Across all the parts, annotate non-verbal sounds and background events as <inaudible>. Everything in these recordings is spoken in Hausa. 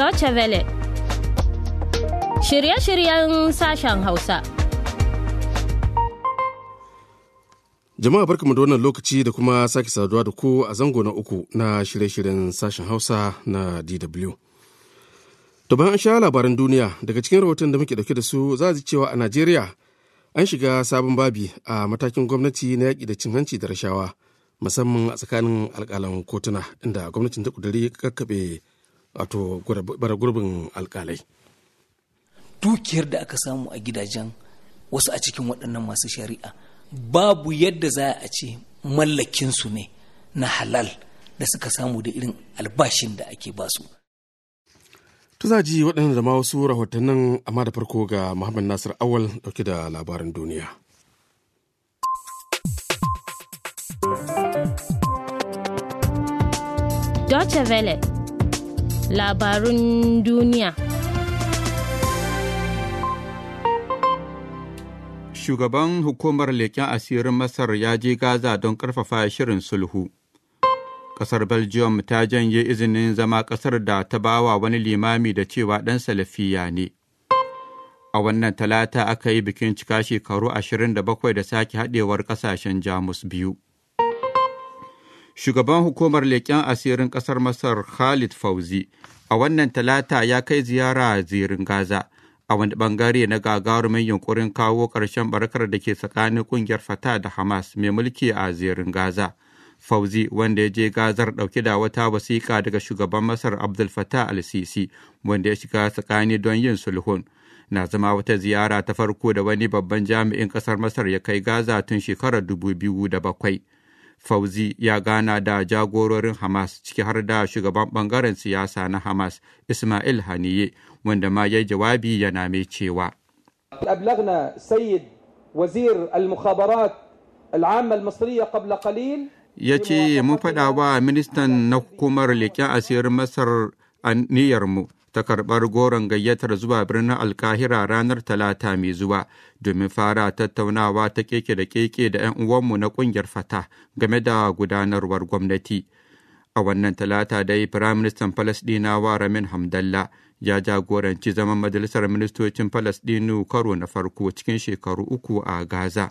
Deutsche Welle. Shirye-shiryen sashen Hausa. Jama'a barkamu da wannan lokaci da kuma sake saduwa da ku a zango na uku na shirye-shiryen sashen Hausa na DW. To bayan an sha labaran duniya daga cikin rahoton da muke dauke da su za a ji cewa a Najeriya an shiga sabon babi a matakin gwamnati na yaƙi da cin hanci da rashawa musamman a tsakanin alƙalan kotuna inda gwamnatin ta ƙudiri kakkaɓe wato bara gurbin alkalai dukiyar da aka samu a gidajen wasu a cikin waɗannan masu shari'a babu yadda za a ce mallakinsu ne na halal da suka samu da irin albashin da ake basu. ta za ji waɗanda da ma wasu rahotannin amma da farko ga Muhammad Nasir Awal ɗauke da labarin duniya. Deutsche Welle labarun duniya. Shugaban hukumar leƙen asirin Masar ya je Gaza don ƙarfafa shirin sulhu. Ƙasar Belgium ta janye izinin zama ƙasar da ta bawa wani limami da cewa ɗan salafiya ne. A wannan talata aka yi bikin cika shekaru 27 da sake haɗewar ƙasashen Jamus biyu. Shugaban hukumar leƙen asirin ƙasar Masar Khalid Fauzi a wannan talata ya kai ziyara a zirin Gaza a wani ɓangare na gagarumin yunkurin kawo ƙarshen barkar da ke tsakanin ƙungiyar Fatah da Hamas mai mulki a zirin Gaza. Fauzi wanda ya je gazar ɗauki da wata wasiƙa daga shugaban Masar Abdul Fattah al-Sisi wanda ya shiga tsakani don yin sulhun. Na zama wata ziyara ta farko da wani babban jami'in ƙasar Masar ya kai Gaza tun shekarar 2007. Fauzi ya gana da jagororin Hamas ciki har da shugaban ɓangaren siyasa na Hamas Ismail Haniye wanda ma ya jawabi yana mai cewa. ya ce mun faɗa wa ministan na hukumar leƙen asirin masar a niyyarmu ta karɓar goron gayyatar zuwa birnin alkahira ranar talata mai zuwa domin fara tattaunawa ta keke da keke da 'yan uwanmu na ƙungiyar fata game da gudanarwar gwamnati a wannan talata dai firaministan falasɗinawa ramin hamdallah ya jagoranci zaman majalisar ministocin falasɗinu karo na farko cikin shekaru uku a gaza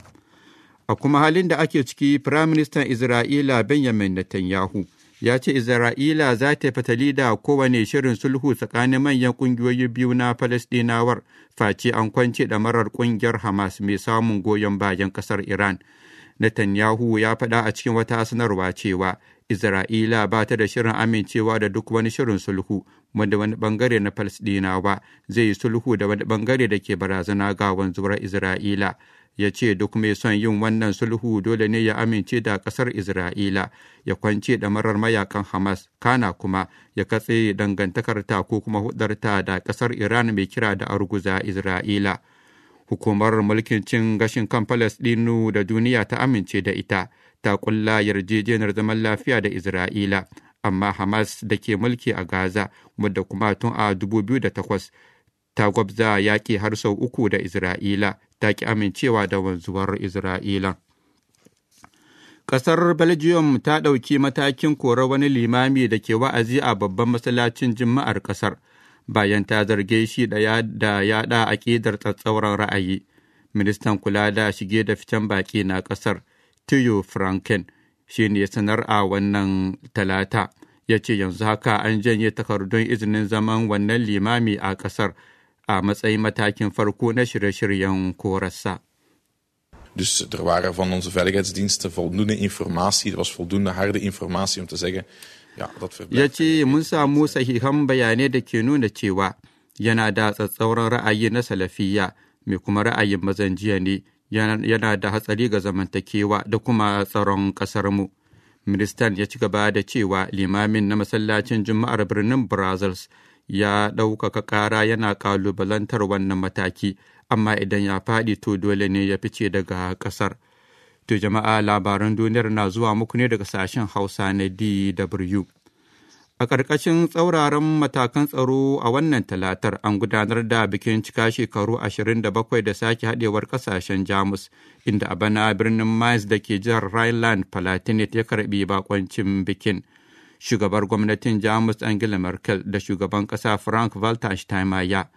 a kuma halin da ake ciki firaministan isra'ila benjamin netanyahu ya ce Isra'ila za ta fatali da kowane shirin sulhu tsakanin manyan ƙungiyoyi biyu na Falasɗinawar face an kwance da marar ƙungiyar Hamas mai samun goyon bayan ƙasar Iran. Netanyahu ya faɗa a cikin wata sanarwa cewa Isra'ila ba ta da shirin amincewa da duk wani shirin sulhu wanda wani bangare na ba zai yi sulhu da wani bangare da ke barazana ga wanzuwar Isra'ila. Ya ce duk mai son yin wannan sulhu dole ne ya amince da ƙasar Isra'ila ya kwance da marar mayakan Hamas kana kuma ya katse dangantakarta ko kuma hudarta da ƙasar Iran mai kira da arguza Isra'ila. Hukumar mulkin cin gashin kan Falasɗinu da duniya ta amince da ita, ta ƙulla yarjejeniyar zaman lafiya da Isra'ila, amma Hamas da ke mulki a Gaza, wadda kuma tun a 2008 ta gwabza yaƙi har sau uku da Isra'ila, ta ki amincewa da wanzuwar Isra'ila. Ƙasar Belgium ta ɗauki matakin korar wani limami da ke wa'azi a babban masallacin jima'ar ƙasar bayan ta zarge shi da yada yaɗa aƙidar tsatsauran ra'ayi. Ministan kula da shige da ficen baƙi na ƙasar Tiyo Franken shi ne sanar a wannan talata. Ya ce yanzu haka an janye takardun izinin zaman wannan limami a ƙasar a matsayin matakin farko na shirye-shiryen korarsa. Dus er waren van onze veiligheidsdiensten voldoende informatie, er was voldoende harde informatie om te zeggen ya ce mun samu sahihan bayanai da ke nuna cewa yana da tsatsauran ra'ayi na salafiya mai kuma ra'ayin mazan jiya ne yana da hatsari ga zamantakewa da kuma tsaron mu ministan ya ci gaba da cewa limamin na masallacin juma'ar birnin brazils ya ɗaukaka ƙara yana ƙalubalantar wannan mataki amma idan ya faɗi to dole ne ya fice daga ƙasar. To jama'a labaran duniyar na zuwa muku ne daga sashen Hausa na DW. A ƙarƙashin tsauraran matakan tsaro a wannan talatar an gudanar da bikin cika shekaru 27 da sake haɗewar ƙasashen Jamus, inda a bana birnin Mainz da ke jihar Rhineland Palatinate ya karɓi bakoncin bikin. Shugabar gwamnatin Jamus Angela Merkel da shugaban ƙasa Frank Walter Steinmeier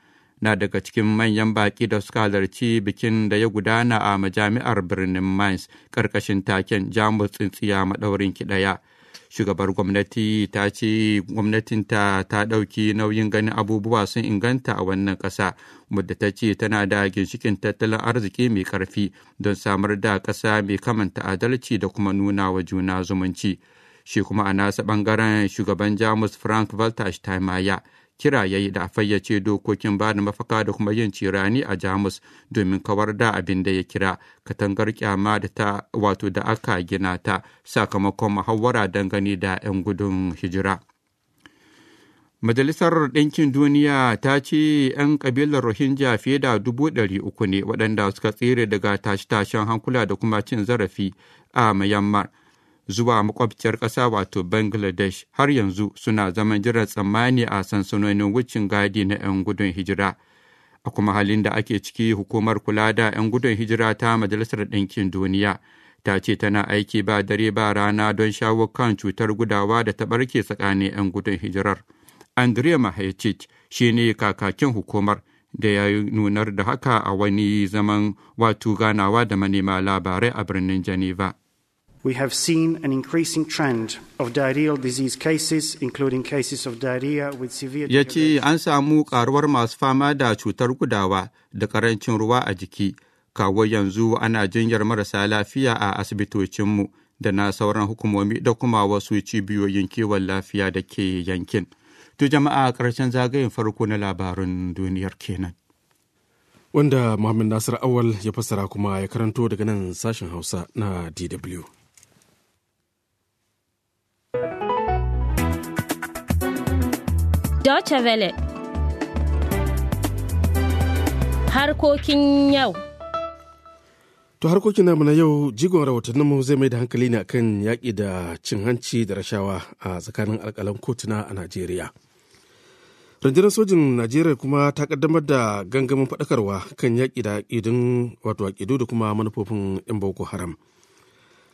na daga cikin manyan baƙi da suka halarci bikin da ya gudana a majami'ar birnin Mainz ƙarƙashin taken Jamus tsintsiya maɗaurin kiɗaya. Shugabar gwamnati ta ce gwamnatinta ta ɗauki nauyin ganin abubuwa sun inganta a wannan ƙasa, wadda ta ce tana da ginshikin tattalin arziki mai ƙarfi don samar da ƙasa mai kamanta ta'adalci da kuma nuna wa juna zumunci. Shi kuma a nasa ɓangaren shugaban Jamus Frank Walter Steinmeier kira ya yi da a fayyace dokokin ba da mafaka da kuma yin cirani a jamus domin kawar da abin da ya kira katangar kyama da ta wato da aka gina ta sakamakon muhawara dangane da 'yan gudun hijira. Majalisar Ɗinkin Duniya ta ce 'yan ƙabilar Rohingya fiye da dubu ɗari uku ne waɗanda suka tsere daga tashe-tashen hankula da kuma cin zarafi a Myanmar zuwa makwabciyar ƙasa wato Bangladesh har yanzu suna zaman jiran tsammani a sansanonin wucin gadi na 'yan gudun hijira. A kuma halin da ake ciki hukumar kula da 'yan gudun hijira ta Majalisar Ɗinkin Duniya ta ce tana aiki ba dare ba rana don shawo kan cutar gudawa da ta ɓarke tsakanin 'yan gudun hijirar. Andrea Mahaitic shi ne kakakin hukumar da ya nunar da haka a wani zaman wato ganawa da manema labarai a birnin Geneva. we have seen an increasing trend of diarrheal disease cases, including cases of diarrhea with severe Ya ce an samu karuwar masu fama da cutar gudawa da karancin ruwa a jiki. Kawo yanzu ana jinyar marasa lafiya a asibitocinmu da na sauran hukumomi da kuma wasu cibiyoyin kiwon lafiya da ke yankin. To jama'a ƙarshen zagayen farko na labarin duniyar kenan. Wanda Muhammad Nasir Awal ya fassara kuma ya karanto daga nan sashen Hausa na DW. Deutsche Welle Harkokin yau To harkokin namu na yau jigon rahotanninmu zai mai da hankali ne akan yaƙi da cin hanci da rashawa a tsakanin alƙalan kotuna a Najeriya. Rundunar sojin Najeriya kuma ta kaddamar da gangamin faɗakarwa kan yaƙi da aƙidun wato aƙidu da kuma manufofin 'yan Boko Haram.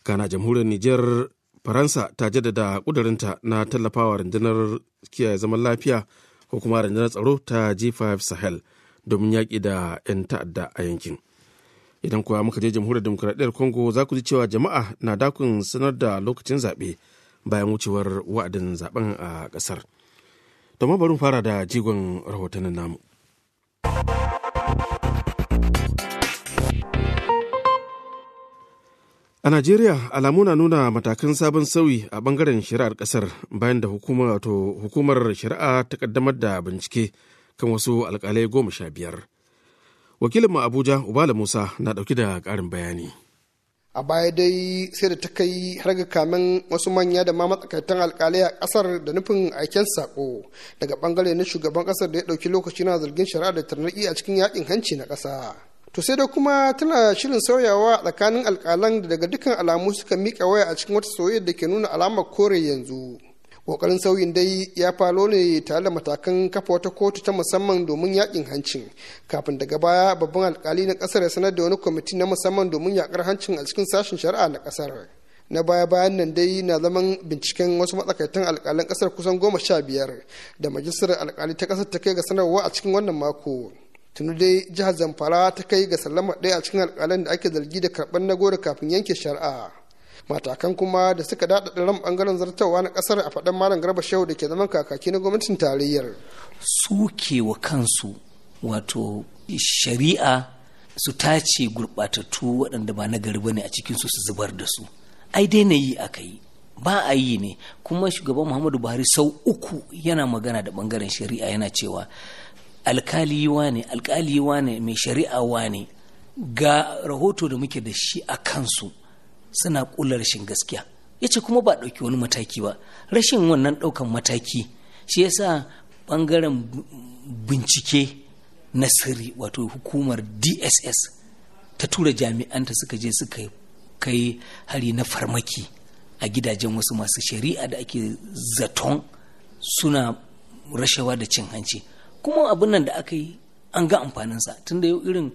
Kana jamhuriyar Nijar faransa ta jaddada kudurinta na tallafawa rundunar kiyaye zaman lafiya ko kuma rundunar tsaro ta g5 sahel domin yaƙi da 'yan ta'adda a yankin idan kuwa muka je jamhuriyar demokuraɗiyyar congo za ku ji cewa jama'a na dakun sanar da lokacin zaɓe bayan wucewar wa'adin zaben a ƙasar domin bari fara da jigon rahotannin namu. A Najeriya alamu na nuna matakan sabon sauyi a bangaren shari'ar kasar bayan da hukumar, shari'a ta kaddamar da bincike kan wasu alkalai goma sha biyar. wakilin Wakilinmu Abuja Ubala Musa na dauki da karin bayani. a baya dai sai da ta kai har ga kamen wasu manya da ma matsakaitan alkalai a kasar da nufin aiken sako daga bangare na shugaban kasar da ya dauki lokaci na zargin shari'a da tarnaki a cikin yakin hanci na kasa to sai dai kuma tana shirin sauyawa tsakanin alkalan da daga dukkan alamu suka miƙa waya a cikin wata soyayya da ke nuna alamar kore yanzu kokarin sauyin dai ya falo ne tare da matakan kafa wata kotu ta musamman domin yakin hancin kafin daga baya babban alkali na kasar ya sanar da wani kwamiti na musamman domin yakar hancin a cikin sashen shari'a na kasar na baya bayan nan dai na zaman binciken wasu matsakaitan alkalan kasar kusan goma sha biyar da majalisar alkali ta kasar ta kai ga sanarwa a cikin wannan mako tunu dai jihar zamfara ta kai ga sallama ɗaya a cikin alƙalan da ake zargi da karɓar na goro kafin yanke shari'a matakan kuma da suka daɗa ran ɓangaren zartawa na ƙasar a faɗin malam garba shehu da ke zaman kakaki na gwamnatin tarayyar suke wa kansu wato shari'a su tace gurɓatattu waɗanda ba na gari ne a cikinsu su zubar da su ai dai na yi aka yi ba a yi ne kuma shugaban muhammadu buhari sau uku yana magana da ɓangaren shari'a yana cewa alkali wane alkali wane mai shari'a wane ga rahoto da muke da shi a kansu suna kula rashin gaskiya ya ce kuma ba ɗauki wani mataki ba rashin wannan ɗaukan mataki shi yasa ɓangaren bincike na sirri wato hukumar dss ta tura jami'anta suka je suka kai hari na farmaki a gidajen wasu masu shari'a da ake zaton suna rashawa da cin hanci kuma abin nan da aka yi an ga amfaninsa tun da yau irin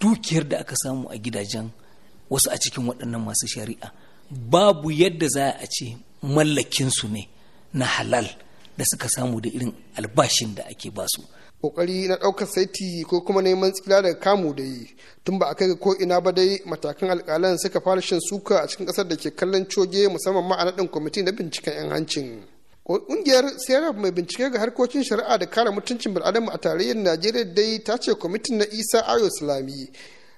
dukiyar da aka samu a gidajen wasu a cikin waɗannan masu shari'a babu yadda za a ce mallakinsu ne na halal da suka samu da irin albashin da ake basu. Ƙoƙari na ɗaukar saiti ko kuma neman tsira daga kamu da yi tun ba a kai ko ina ba dai matakan alƙalan suka fara shan suka a cikin ƙasar da ke kallon coge musamman ma a naɗin kwamiti na binciken 'yan hancin Ƙungiyar Serap mai bincike ga harkokin shari'a da kare mutuncin bil'adama a tarayyar Najeriya dai ta ce kwamitin na Isa Ayo Islami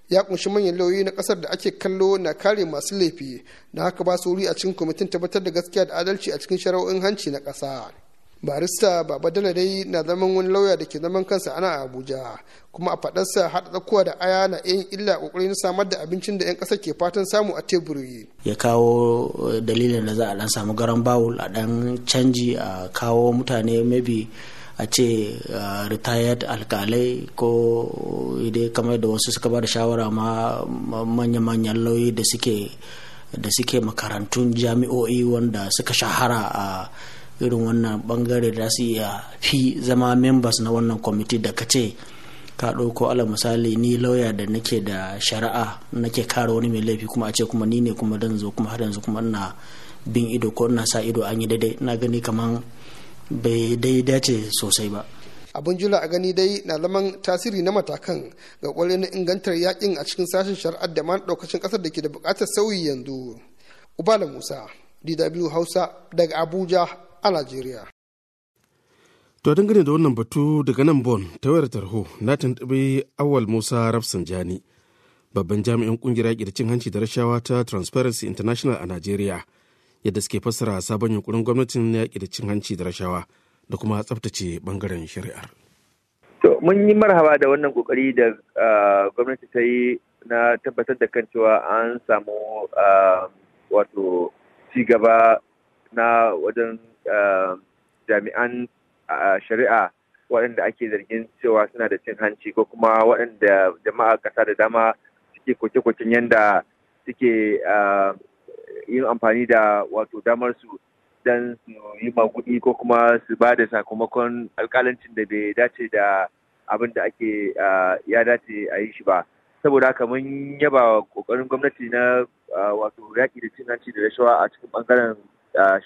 ya kunshi manyan lauyoyi na kasar da ake kallo na kare masu laifi na haka ba su wuri a cikin kwamitin tabbatar da gaskiya da adalci a cikin shari'o'in hanci na ƙasa. barista baba dala dai na zaman wani lauya da ke zaman kansa ana abuja kuma a fadarsa haɗa tsakuwa da aya na yin illa kokarin samar da abincin da 'yan ƙasa ke fatan samu a teburi ya kawo eh, dalilin da za a dan samu garan bawul a dan canji a kawo mutane maybe a ce eh, retired alkalai ko idai eh, kamar da wasu suka ba da shawara ma manya-manyan lauyi da suke da makarantun jami'o'i wanda suka shahara a irin wannan bangare da su iya fi zama members na wannan kwamiti da ka ce ka ɗauko ala misali ni lauya da nake da shari'a nake kare wani mai laifi kuma a ce kuma ni ne kuma dan zo kuma har yanzu kuma ina bin ido ko ina sa ido an yi daidai na gani kaman bai dai dace sosai ba abun jula a gani dai na laman tasiri na matakan ga kwarai na ingantar yakin a cikin sashen shari'ar da ma daukacin kasar da ke da bukatar sauyi yanzu ubala musa dw hausa daga abuja a Najeriya. To dangane da wannan batu daga nan Bon ta wayar tarho na tuntuɓi Awal Musa rafsan jani babban jami'in kungiyar yaƙi da cin hanci da rashawa ta Transparency International a Najeriya yadda suke fassara sabon yunkurin gwamnatin yaƙi da cin hanci da rashawa da kuma tsaftace bangaren shari'ar. To mun yi marhaba da wannan kokari da gwamnati ta yi na tabbatar da kan cewa an samu wato cigaba na wajen Uh, jami'an uh, shari'a waɗanda ake zargin cewa suna da cin hanci ko kuma waɗanda jama'a ƙasa da dama suke koke-koken yadda suke uh, yin amfani da wato damar su don su yi magudi ko kuma su ba da sakamakon alkalancin da bai dace da abin da ake ya dace a yi shi ba saboda haka mun yaba kokarin gwamnati na wato yaƙi da cin hanci da rashawa a cikin ɓangaren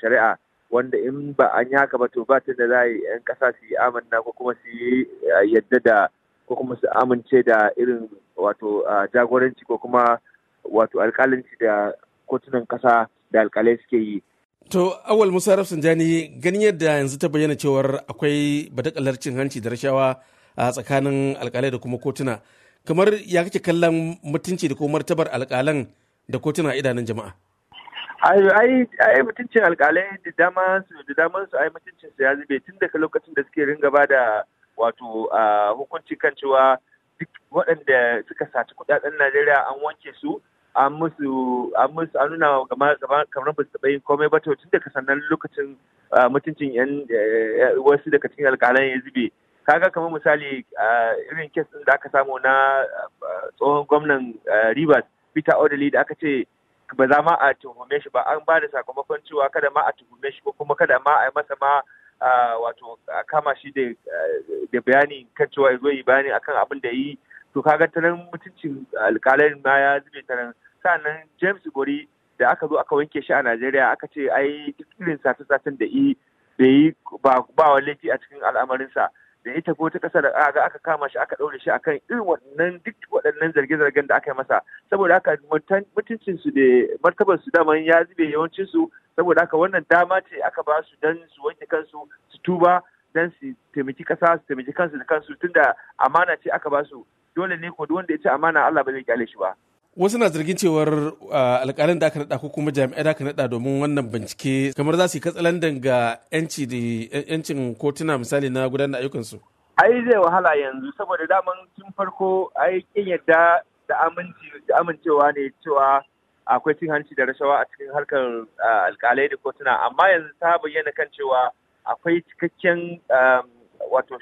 shari'a wanda in ba an yi haka ba to ba ta da za yi 'yan kasa su yi amanna ko kuma su yi yadda da ko kuma su amince da irin wato jagoranci ko kuma wato alƙalanci da kotunan ƙasa da alkalai suke yi. To awal Musa Rafsanjani ganin yadda yanzu ta bayyana cewar akwai badakalar cin hanci da rashawa a tsakanin alkalai da kuma kotuna kamar ya kake kallon mutunci da kuma martabar alkalan da kotuna idanun jama'a. ai mutuncin alkalai da dama su da dama su ai mutuncin su ya zube tun daga lokacin da suke ringa ba da wato hukunci kan cewa duk waɗanda suka saci kudaden Najeriya an wanke su an musu an musu an nuna gama kamar ba su taɓa yin komai ba to tun daga sannan lokacin mutuncin yan wasu daga cikin alkalai ya zube kaga kamar misali irin kes ɗin da aka samu na tsohon gwamnan Rivers Peter Odili da aka ce ba za ma a tuhume shi ba an ba da sakamakon cewa kada ma a tuhume shi ko kuma kada ma a yi masa ma wato a kama shi da bayani kan cewa ya zo yi bayani akan abin da yi to kaga ta nan mutuncin alƙalai ma ya zube ta nan sannan James Gori da aka zo aka wanke shi a Najeriya aka ce ai duk irin satin da yi bai yi ba wa laifi a cikin al'amarinsa da ita ko ta da aga aka kama shi aka ɗaure shi akan irin waɗannan duk waɗannan zarge-zargen da aka yi masa saboda haka mutuncin su da martabar su daman ya zube yawancin su saboda haka wannan dama ce aka ba su dan su wanke kansu su tuba dan su taimaki kasa su taimaki kansu da kansu tunda amana ce aka ba su dole ne ko wanda ya ci amana Allah ba zai kyale shi ba wasu na zargin cewar alkalin da aka naɗa ko kuma jami'ai da aka naɗa domin wannan bincike kamar za su yi katsalandan ga yancin kotuna misali na gudanar ayyukansu. ai zai wahala yanzu saboda daman tun farko ai kin yadda da amincewa ne cewa akwai cin hanci da rashawa a cikin harkar alkalai da kotuna amma yanzu ta bayyana kan cewa akwai cikakken wato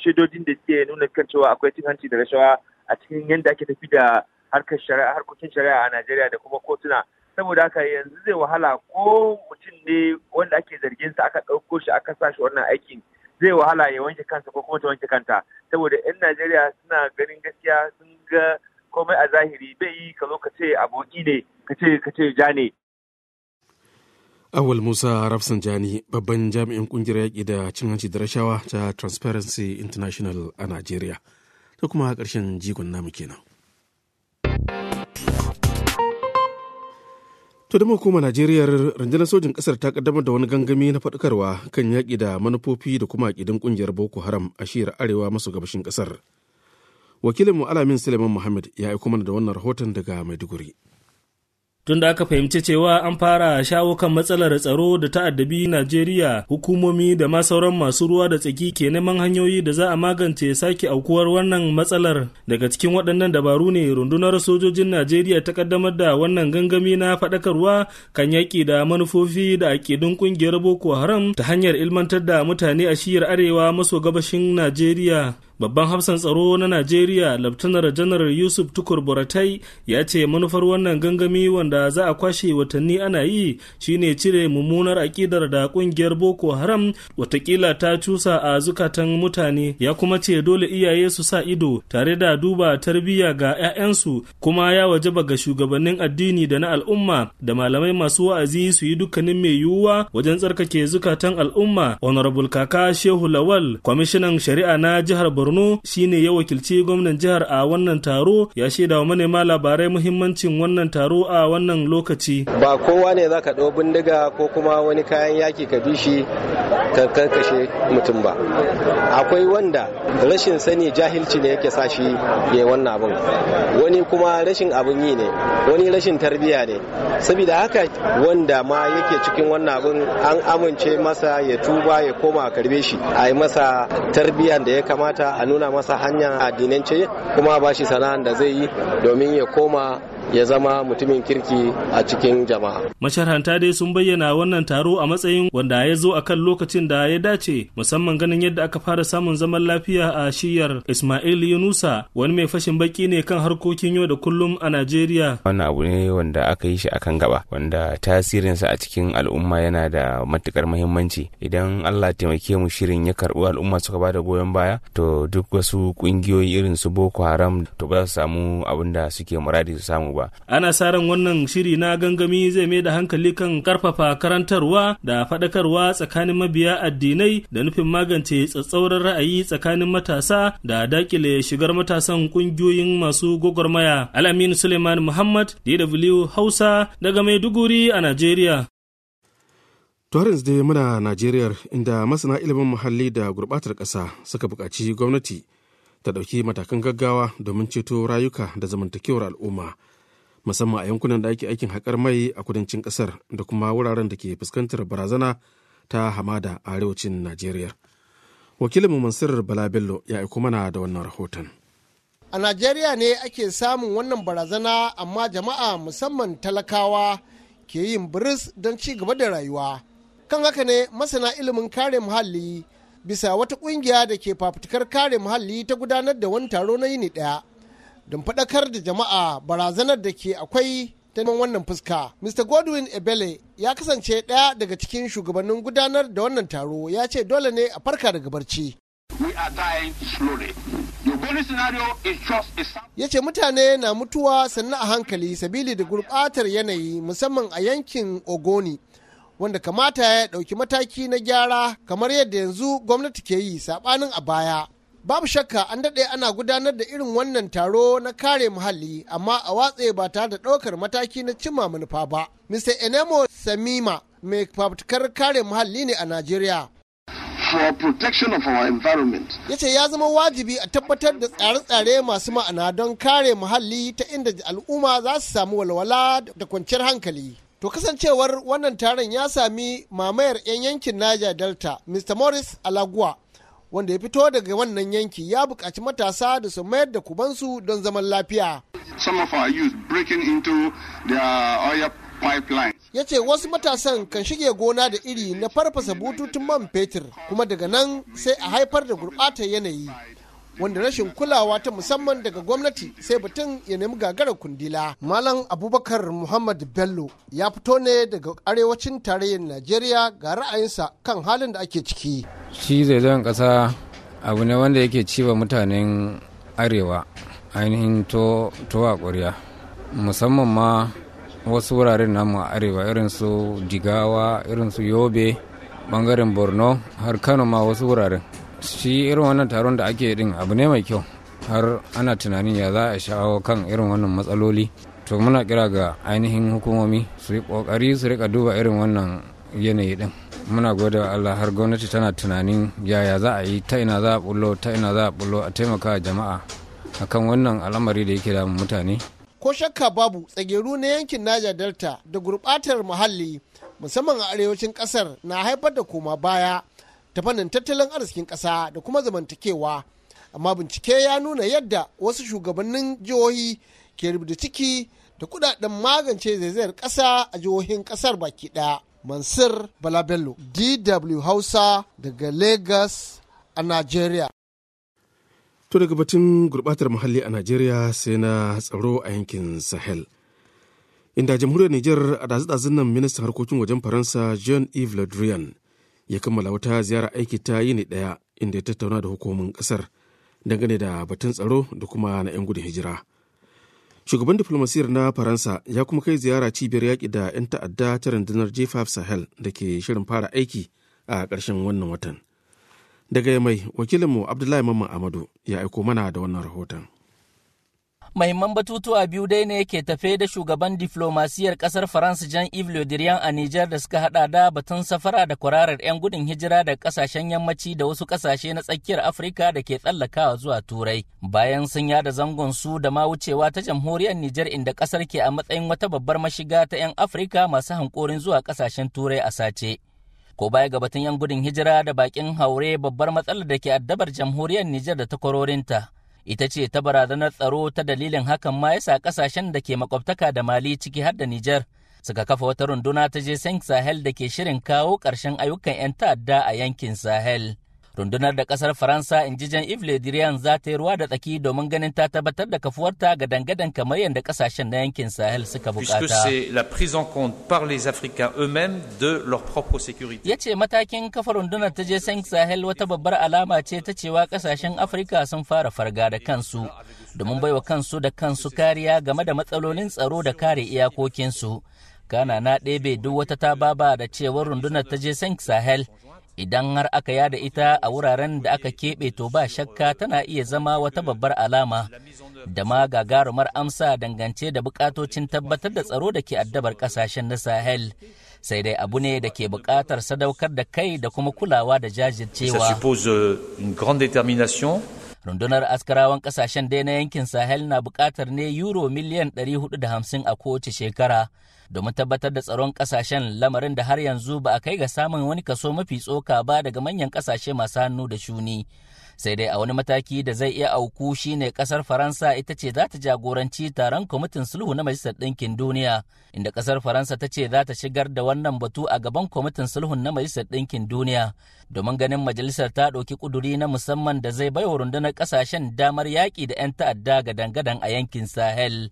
shedodin da ke nuna kan cewa akwai cin hanci da rashawa a cikin yadda ake tafi da harkar shari'a harkokin shari'a a Najeriya da kuma kotuna saboda haka yanzu zai wahala ko mutum ne wanda ake zargin sa aka ɗauko shi aka sa shi wannan aikin zai wahala ya wanke kansa ko kuma ta wanke kanta saboda 'yan Najeriya suna ganin gaskiya sun ga komai a zahiri bai yi ka zo ka ce aboki ne ka ce ka ce ja ne Awal Musa rafsan jani babban jami'in kungiyar yaƙi da cin hanci da rashawa ta Transparency International a Najeriya. Ta kuma a ƙarshen jigon namu kenan. To da makoma Najeriya rundunar sojin kasar ta kaddamar da wani gangami na faɗakarwa kan yaƙi da manufofi da kuma aƙidin ƙungiyar Boko Haram a shiyar arewa maso gabashin ƙasar. Wakilinmu Alamin Suleiman Muhammad ya aiko mana da wannan rahoton daga Maiduguri. Tunda aka fahimci cewa an fara shawo kan matsalar tsaro da ta'addabi Najeriya, hukumomi da ma sauran masu ruwa da tsaki ke neman hanyoyi da za a magance sake aukuwar wannan matsalar. Daga cikin waɗannan dabaru ne rundunar sojojin Najeriya ta kaddamar da wannan gangami na faɗakarwa kan yaƙi da manufofi da aƙidun ƙungiyar Boko Haram ta hanyar ilmantar da mutane a shiyar arewa maso gabashin Najeriya. babban hafsan tsaro na najeriya laftanar janar yusuf tukur buratai ya ce manufar wannan gangami wanda za a kwashe watanni ana yi shine cire mummunar akidar da kungiyar boko haram watakila ta cusa a zukatan mutane ya kuma ce dole iyaye su sa ido tare da duba tarbiyya ga 'ya'yansu kuma ya wajaba ga shugabannin addini da na al'umma da malamai masu wa'azi su yi dukkanin mai yiwuwa wajen tsarkake zukatan al'umma honorable kaka shehu lawal kwamishinan shari'a na jihar borno shine ya wakilci gwamnan jihar a wannan taro ya shaida wa manema labarai muhimmancin wannan taro a wannan lokaci ba kowa ne zaka ɗau bindiga ko kuma wani kayan yaki ka bi shi ka karkashe mutum ba akwai wanda rashin sani jahilci ne yake sa shi ya wannan abin wani kuma rashin abin yi ne wani rashin tarbiyya ne saboda haka wanda ma yake cikin wannan abin an amince masa ya tuba ya koma karbe shi a masa tarbiyyar da ya kamata a nuna masa hanya addinance kuma ba shi sana'an da zai yi domin ya koma ya zama mutumin kirki a cikin jama'a. masharanta dai sun bayyana wannan taro a matsayin wanda ya zo a kan lokacin da ya dace musamman ganin yadda aka fara samun zaman lafiya a shiyar Ismail Yunusa wani mai fashin baki ne kan harkokin yau da kullum a Najeriya. Wannan abu ne wanda aka yi shi akan gaba wanda tasirinsa a cikin al'umma yana da matukar muhimmanci idan Allah taimake mu shirin ya karbi al'umma suka bada goyon baya to duk wasu kungiyoyi irin su Boko Haram to ba su samu abin da suke muradi su samu ba ana sa ran wannan shiri na gangami zai mai da hankali kan karfafa karantarwa da faɗakarwa tsakanin mabiya addinai da nufin magance tsatsauran ra'ayi tsakanin matasa da dakile shigar matasan ƙungiyoyin masu gwagwarmaya alamin suleiman muhammad dw hausa daga maiduguri a najeriya Torrens dai muna Najeriya inda masana ilimin muhalli da gurbatar ƙasa suka buƙaci gwamnati ta ɗauki matakan gaggawa domin ceto rayuka da zamantakewar al'umma musamman a yankunan da ake aikin haƙar mai a kudancin ƙasar da kuma wuraren da ke fuskantar barazana ta hamada a arewacin najeriya wakilin mansur bala bello ya aiko mana da wannan rahoton a najeriya ne ake samun wannan barazana amma jama'a musamman talakawa ke yin biris don ci gaba da rayuwa kan haka ne masana ilimin kare muhalli bisa wata kungiya da ke fafutukar kare muhalli ta gudanar da wani taro na yini daya don faɗakar da jama'a barazanar da ke akwai ta neman wannan fuska. Mr. Godwin Ebele ya kasance ɗaya daga cikin shugabannin gudanar da wannan taro ya ce dole ne a farka daga barci. Ya ce mutane na mutuwa sannu a hankali sabili da gurɓatar yanayi musamman a yankin Ogoni. Wanda kamata ya ɗauki mataki na gyara kamar yadda yanzu gwamnati ke yi saɓanin a baya. Babu shakka an daɗe ana gudanar da irin wannan taro na kare muhalli amma a watse ba tare da ɗaukar mataki na cimma manufa ba. Mr. Enemo Samima mai fafutukar kare muhalli ne a Najeriya. Ya ce ya zama wajibi a tabbatar da tsare-tsare masu ma'ana don kare muhalli ta inda al'umma za su samu walwala da kwanciyar hankali. To kasancewar wannan taron ya sami mamayar 'yan yankin Niger Delta, Mr. Morris Alaguwa wanda ya fito daga wannan yanki ya buƙaci matasa da su mayar da kubansu don zaman lafiya. Some of our youth breaking into their oil pipeline. Ya ce wasu matasan kan shige gona da iri na farfasa bututun man fetur kuma daga nan sai a haifar da gurɓatar yanayi wanda rashin kulawa ta musamman daga gwamnati sai batun ya nemi gagarar kundila. Malam Abubakar Muhammad Bello ya fito ne daga arewacin tarayyar Najeriya ga ra'ayinsa kan halin da ake ciki. Shi zaizayen ƙasa abu ne wanda yake ciwa mutanen arewa ainihin to a ƙwarya musamman ma wasu wuraren namu a arewa irin su jigawa irin su yobe bangaren borno har kano ma wasu wuraren shi irin wannan taron da ake din abu ne mai kyau har ana tunanin ya za a shawo kan irin wannan matsaloli to muna kira ga ainihin hukumomi su yi kokari su rika duba irin wannan yanayi din muna gode wa Allah har gwamnati tana tunanin yaya za a yi ta ina za a bullo ta ina za a bullo a taimaka jama'a akan wannan al'amari da yake da mutane ko shakka babu tsageru na yankin Niger Delta da gurbatar muhalli musamman a arewacin kasar na haifar da koma baya ta fannin tattalin arzikin ƙasa da kuma zamantakewa amma bincike ya nuna yadda wasu shugabannin jihohi ke rubuta ciki da kudaden magance zaizayar ƙasa a jihohin ƙasar baki ɗaya mansur balabello dw hausa daga lagos a nigeria to daga batun gurbatar muhalli a nigeria sai na tsaro a yankin sahel inda jamhuriyar niger a dazu-dazun nan ministan harkokin wajen faransa jean yves le drian ya kammala wata ziyara aiki ta yini ɗaya inda ya tattauna da hukumomin ƙasar dangane da batun tsaro da kuma na 'yan gudun hijira. Shugaban diflomasiyar na Faransa ya kuma kai ziyara cibiyar yaƙi da 'yan ta'adda ta rundunar J5 Sahel da ke shirin fara aiki a ƙarshen wannan watan. Daga mai wakilinmu Abdullahi Mamman Amadu ya aiko mana da wannan rahoton. mahimman batutuwa biyu dai ne ke tafe da shugaban diflomasiyar kasar faransa jean-yves le drian a nijar da suka hada da batun safara da kwararar 'yan gudun hijira da kasashen yammaci da wasu kasashe na tsakiyar afirka da ke tsallakawa zuwa turai bayan sun yada zangon su da ma wucewa ta jamhuriyar nijar inda kasar ke a matsayin wata babbar mashiga ta 'yan afirka masu hankorin zuwa kasashen turai a sace ko baya ga batun 'yan gudun hijira da bakin haure babbar matsalar da ke addabar jamhuriyar nijar da takwarorinta ita ce ta barazanar tsaro ta dalilin hakan ma yasa kasashen da ke makwabtaka da mali ciki har da nijar suka kafa wata runduna ta je sahel da ke shirin kawo ƙarshen ayyukan 'yan ta'adda a yankin sahel rundunar da kasar faransa in ji jean za ta yi ruwa da tsaki domin ganin ta tabbatar da kafuwarta ga dangadan kamar yadda kasashen na yankin sahel suka bukata ya ce matakin kafa rundunar ta je sahel wata babbar alama ce ta cewa kasashen afirka sun fara farga da kansu domin baiwa kansu da kansu kariya game da matsalolin tsaro da kare iyakokinsu. Ghana na ɗebe duk wata ta baba da cewar rundunar ta je Sahel idan har aka yada ita a wuraren da aka keɓe to ba shakka tana iya zama wata babbar alama da ma gagarumar amsa dangance da bukatocin tabbatar da tsaro da ke addabar ƙasashen na sahel sai dai abu ne da ke bukatar sadaukar da kai da kuma kulawa da jajircewa rundunar askarawan kasashen dai na yankin sahel na bukatar ne euro miliyan 450 a kowace shekara domin tabbatar da tsaron kasashen lamarin da har yanzu ba a kai ga samun wani kaso mafi tsoka ba daga manyan kasashe masu hannu da shuni sai dai a wani mataki da zai iya auku shine kasar faransa ita ce za ta jagoranci taron kwamitin sulhu na majalisar ɗinkin duniya inda kasar faransa ta ce za ta shigar da wannan batu a gaban kwamitin sulhun na majalisar ɗinkin duniya domin ganin majalisar ta ɗauki ƙuduri na musamman da zai baiwa rundunar ƙasashen damar yaƙi da 'yan ta'adda ga dangadan a yankin sahel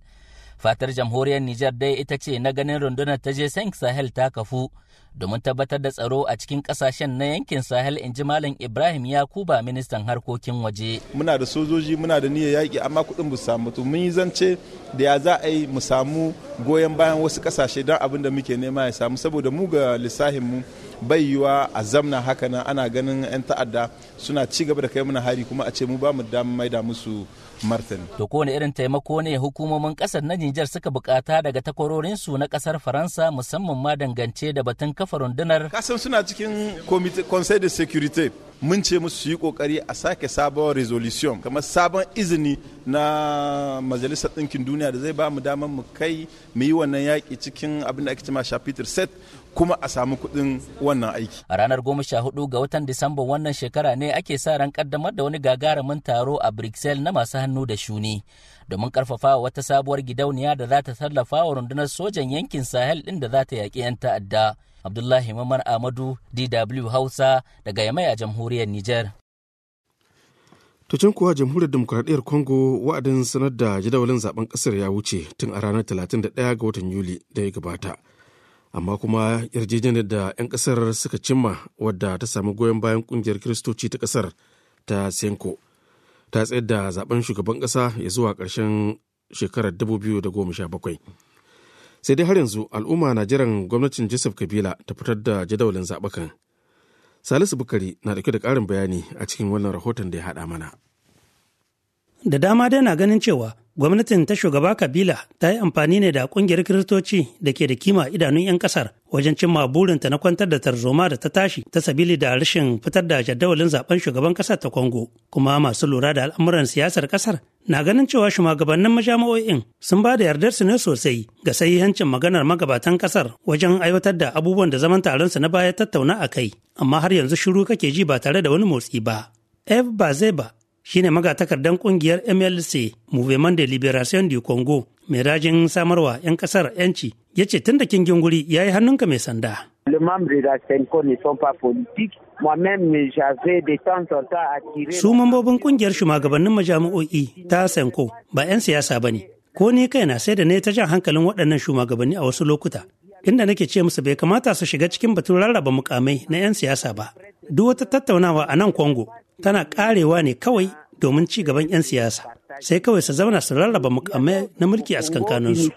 fatar jamhuriyar nijar dai ita ce na ganin rundunar ta je sahel ta kafu domin tabbatar da tsaro a cikin kasashen na yankin sahel in ji malam ibrahim yakuba ministan harkokin waje muna da sojoji muna da niyyar yaƙi amma kuɗin bu samu to mun yi zance da ya za a yi mu samu goyon bayan wasu kasashe don abin da muke nema ya samu saboda mu ga lissahin mu bai yiwa a zamna haka nan ana ganin 'yan ta'adda suna ci gaba da kai muna hari kuma a ce mu ba mu damar maida musu Martin. To kowane irin taimako ne hukumomin kasar na Nijar suka bukata daga takwarorinsu na kasar Faransa musamman ma dangance da batun kafa rundunar. Kasan suna cikin Conseil de Sécurité mun ce musu su yi kokari a sake sabon resolution kamar sabon izini na majalisar ɗinkin duniya da zai ba mu damar mu kai mu yi wannan yaƙi cikin abin da ake cewa shafitr 7 kuma a samu kuɗin wannan aiki. A ranar goma sha hudu ga watan Disamba wannan shekara ne ake sa ran kaddamar da wani gagarumin taro a Brussels na masu hannu da shuni domin karfafa wata sabuwar gidauniya da za ta tallafa wa rundunar sojan yankin Sahel ɗin da za ta yaƙi 'yan ta'adda. Abdullahi Mamman Amadu DW Hausa daga Yamai a jamhuriyar Nijar. To can kuwa jamhuriyar demokuraɗiyyar Congo wa'adin sanar da jadawalin zaben ƙasar ya wuce tun a ranar 31 ga watan Yuli da ya gabata. amma kuma yarjejeniyar da 'yan kasar suka cimma wadda ta sami goyon bayan kungiyar kiristoci ta kasar ta senko ta tsayar da zaben shugaban kasa ya zuwa karshen shekarar 2017 sai dai har yanzu al'umma na jiran gwamnatin joseph kabila ta fitar da jadawalin zaɓukan salisu bukari na dauke da ƙarin bayani a cikin wannan rahoton da ya haɗa mana da dama dai na ganin cewa gwamnatin ta shugaba kabila ta yi amfani ne da kungiyar kiristoci da ke da kima idanun 'yan kasar wajen cimma burinta na kwantar da tarzoma da ta tashi ta sabili da rashin fitar da jadawalin zaben shugaban kasar ta Kongo, kuma masu lura da al'amuran siyasar kasar na ganin cewa shugabannin majami'o'in sun ba da yardar su ne sosai ga sahihancin maganar magabatan kasar wajen aiwatar da abubuwan da zaman taron su na baya tattauna a kai amma har yanzu shiru kake ji ba tare da wani motsi ba zai Bazeba shine magatakardan kungiyar MLC Movement de Liberation du Congo mai rajin samarwa 'yan kasar 'yanci ya ce tun da kingin guri ya yi hannunka mai sanda. Su mambobin kungiyar shugabannin majami'o'i ta Senko ba 'yan siyasa ba ne, ko ni na sai da ne ta jan hankalin waɗannan shugabanni a wasu lokuta inda nake ce musu bai kamata su shiga cikin batun rarraba mukamai na 'yan siyasa ba duk wata tattaunawa a nan kongo tana karewa ne kawai domin ci gaban 'yan siyasa sai kawai su zauna su rarraba mukamai na mulki a tsakankaninsu.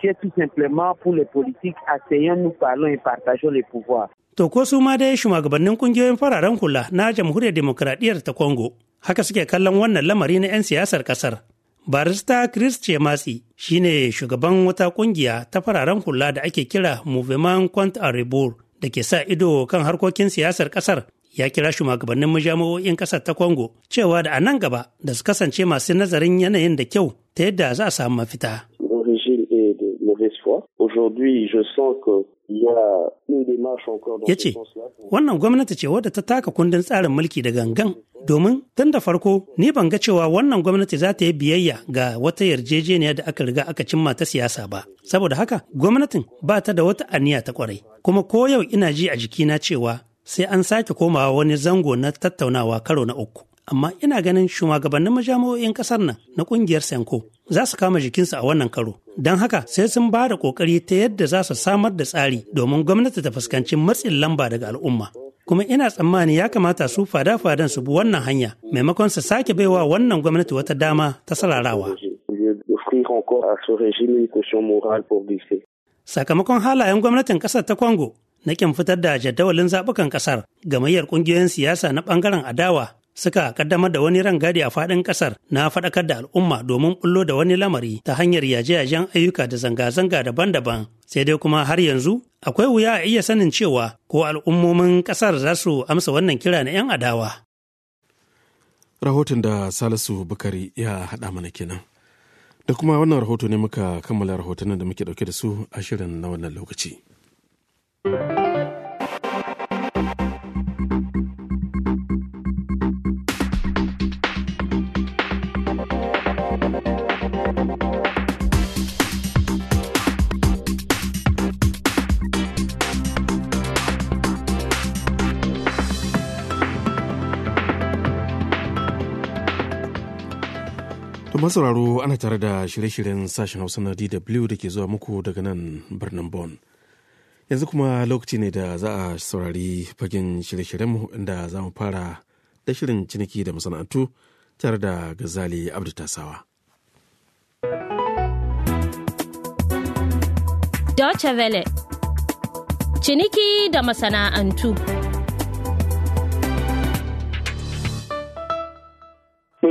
To ko su ma dai shugabannin kungiyoyin fararen hula na jamhuriyar demokradiyyar ta kongo haka suke kallon wannan lamari na 'yan siyasar kasar. barista chris chemasi ne shugaban wata kungiya ta fararen hula da ake kira movement quant aribor da ke sa ido kan harkokin siyasar kasar ya kira shugabannin majami'o'in kasar ta congo cewa da a nan gaba da su kasance masu nazarin yanayin da kyau ta yadda za a samu mafita mauvaise foi. Aujourd'hui, je sens y ce Wannan gwamnati ce wadda ta taka kundin tsarin mulki da gangan domin tun da farko ni ban ga cewa wannan gwamnati za ta yi biyayya ga wata yarjejeniya da aka riga aka cimma ta siyasa ba. Saboda haka gwamnatin ba ta da wata aniya ta kwarai. Kuma ko yau ina ji a jikina cewa sai an sake komawa wani zango na tattaunawa karo na uku. amma ina ganin shugabannin majami'o'in kasar nan na kungiyar senko za su kama jikinsu a wannan karo don haka sai sun ba da kokari ta yadda za su samar da tsari domin gwamnati ta fuskanci matsin lamba daga al'umma kuma ina tsammani ya kamata su fada-fadan su bi wannan hanya maimakon su sake baiwa wannan gwamnati wata dama ta sararawa. Sakamakon halayen gwamnatin ƙasar ta kwango na kin fitar da jadawalin zaɓukan ƙasar gamayyar ƙungiyoyin siyasa na ɓangaren adawa suka kaddamar da wani rangadi a faɗin ƙasar na faɗakar da al'umma domin bullo da wani lamari ta hanyar yaje-yajen ayyuka da zanga-zanga daban-daban sai dai kuma har yanzu akwai wuya a iya sanin cewa ko al'ummomin ƙasar za su amsa wannan kira na 'yan adawa. Rahoton da Salisu Bukari ya haɗa mana kenan. Da kuma wannan rahoto ne muka kammala rahotannin da muke ɗauke da su a shirin na wannan lokaci. masauraro ana tare da shirye-shiryen sashen hausa na dw da ke zuwa muku daga nan birnin bon yanzu kuma lokaci ne da za a saurari fagen shirye-shiryenmu inda za mu fara da shirin ciniki da masana'antu tare da gazali abdu tasawa. Deutsche Welle, ciniki da masana'antu.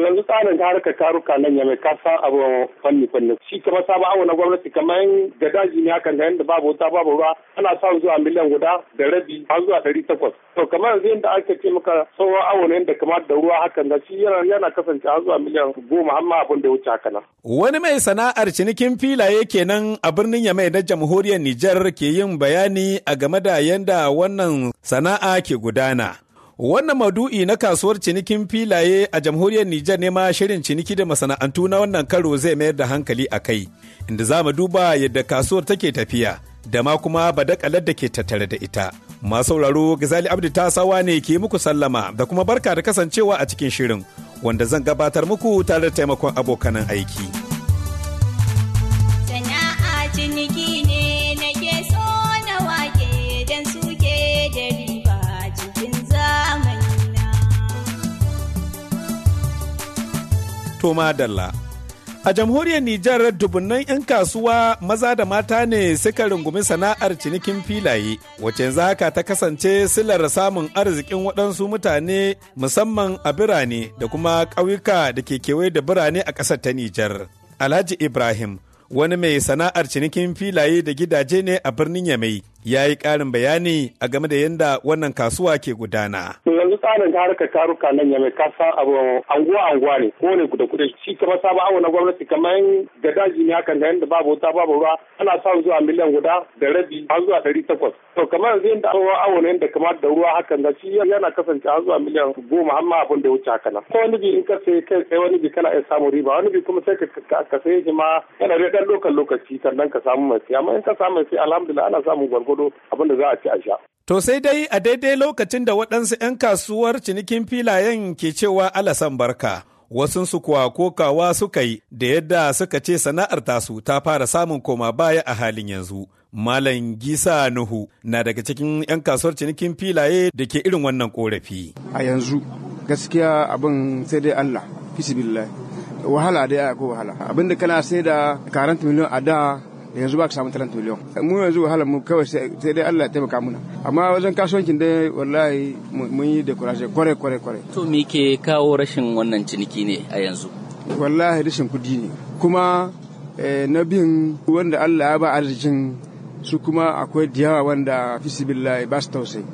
yanzu tsarin ta harkar taruka nan ya mai kasa abu fanni fanni shi kamar sabon awo na gwamnati kamar da daji ne hakan ga yadda babu wuta babu ruwa ana sa zuwa miliyan guda da rabi har zuwa ɗari takwas to kamar yanzu yadda ake ce maka sauran awo ne da kamar da ruwa hakan ga shi yana yana kasance har zuwa miliyan goma amma abun abin da wuce haka nan. wani mai sana'ar cinikin filaye kenan a birnin yamai na jamhuriyar Nijar ke yin bayani a game da yadda wannan sana'a ke gudana. Wannan madu'i na kasuwar cinikin filaye a jamhuriyar Nijar ne ma shirin ciniki da masana'antu na wannan karo zai mayar da hankali a kai, inda za mu duba yadda kasuwar take tafiya da ma kuma badakalar da ke tattare da ita. Masu sauraro Gazali Abdu Tasawa ne ke muku sallama da kuma barka da kasancewa a cikin shirin, wanda zan gabatar muku tare da taimakon abokanan aiki. Toma Dalla. A jamhuriyar Nijar dubunnan 'yan kasuwa maza da mata ne suka rungumi sana'ar cinikin filaye, wacce yanzu haka ta kasance silar samun arzikin waɗansu mutane musamman a birane da kuma ƙauyuka da ke kewaye da birane a ƙasar ta Nijar. Alhaji Ibrahim, wani mai sana'ar cinikin filaye da gidaje ne a birnin Yamai, ya yi ƙarin bayani a game da yadda wannan kasuwa ke gudana. yanzu tsarin ta harkar taruka nan yamai kasa abu anguwa anguwa ne ko ne kuda kuda shi kama sabon awo na gwamnati kamar yin daji ne hakan da yadda babu wuta babu ruwa ana sa zuwa miliyan guda da rabi har zuwa ɗari takwas. to kamar yanzu yadda awa awo yadda da kamar da ruwa hakan da shi yana kasance har zuwa miliyan goma amma ma abin da wuce haka nan. ko wani bi in ka sai kai sai wani bi kana iya samun riba wani bi kuma sai ka sai shi ma yana da ɗan lokaci sannan ka samu mai siya amma in ka samu mai sai alhamdulillah ana samun gwargwaro. gwargwado abinda za a ci a sha. To sai dai a daidai lokacin da waɗansu 'yan kasuwar cinikin filayen ke cewa alasan barka. Wasunsu kuwa kawa suka yi da yadda suka ce sana'ar tasu ta fara samun koma baya a halin yanzu. Malam Gisa Nuhu na daga cikin 'yan kasuwar cinikin filaye da ke irin wannan korafi. A yanzu gaskiya abin sai dai Allah, fisibillah. Wahala dai ko wahala. Abin da kana sai da 40 miliyan a da yanzu ba ka samu talent miliyon mu yanzu wahala mu kawai sai dai Allah ya taimaka muna amma wajen kasuwancin dai wallahi mun yi da kware kware kware to me ke kawo rashin wannan ciniki ne a yanzu wallahi rashin kudi ne kuma eh, na bin wanda Allah ya ba arzikin su kuma akwai diyawa wanda fisibillahi ba su tausayi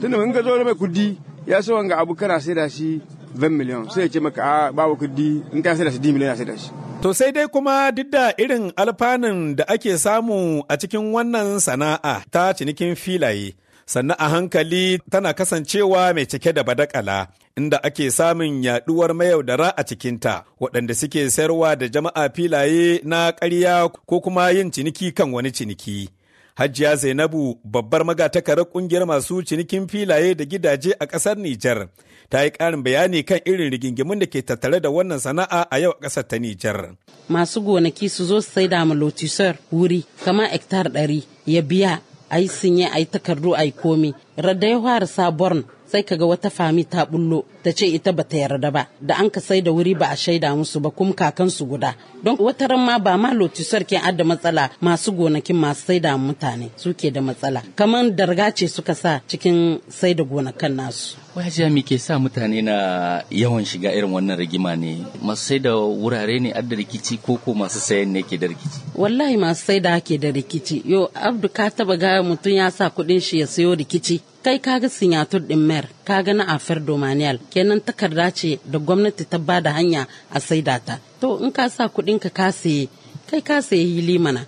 tunda mun ga zo mai kudi ya so wanga abu kana sai da shi 20 miliyon sai ya ce maka ah, babu kudi in ka sai da shi 10 miliyon sai da shi To sai dai kuma duk da irin alfanun da ake samu a cikin wannan sana'a ta cinikin filaye, sannan a hankali tana kasancewa mai cike da badakala, inda ake samun yaduwar mayaudara a cikinta, waɗanda suke sayarwa da jama'a filaye na ƙarya ko kuma yin ciniki kan wani ciniki. Hajiya Zainabu babbar magatakarar kungiyar masu cinikin filaye da gidaje a ƙasar Nijar ta yi ƙarin bayani kan irin rigingimun da ke tattare da wannan sana'a a yau a ƙasar ta Nijar. Masu gonaki su zo su sai da malotisar wuri kama hektar ɗari ya biya a yi sinye a yi takardu a yi komi. Radda ya fara sabon. sai kaga wata fami ta bullo ta ce ita bata yarda ba da an ka sai da wuri ba a shaida musu ba kuma kakansu guda don wata ran ma ba ma lotisar ke adda matsala masu gonakin masu sai da mutane suke da matsala kamar darga ce suka sa cikin sai da gonakan nasu wajiya mi ke sa mutane na yawan shiga irin wannan rigima ne masu sai da wurare ne adda rikici ko ko masu sayan ne ke da rikici wallahi masu sai da ke da rikici yo abdu ka taba ga mutum ya sa kuɗin shi ya sayo rikici kai kaga sinyatur din mer kaga na afer domanial kenan takarda ce da gwamnati ta bada hanya a saida ta to in ka sa kudin ka ka kai ka hili mana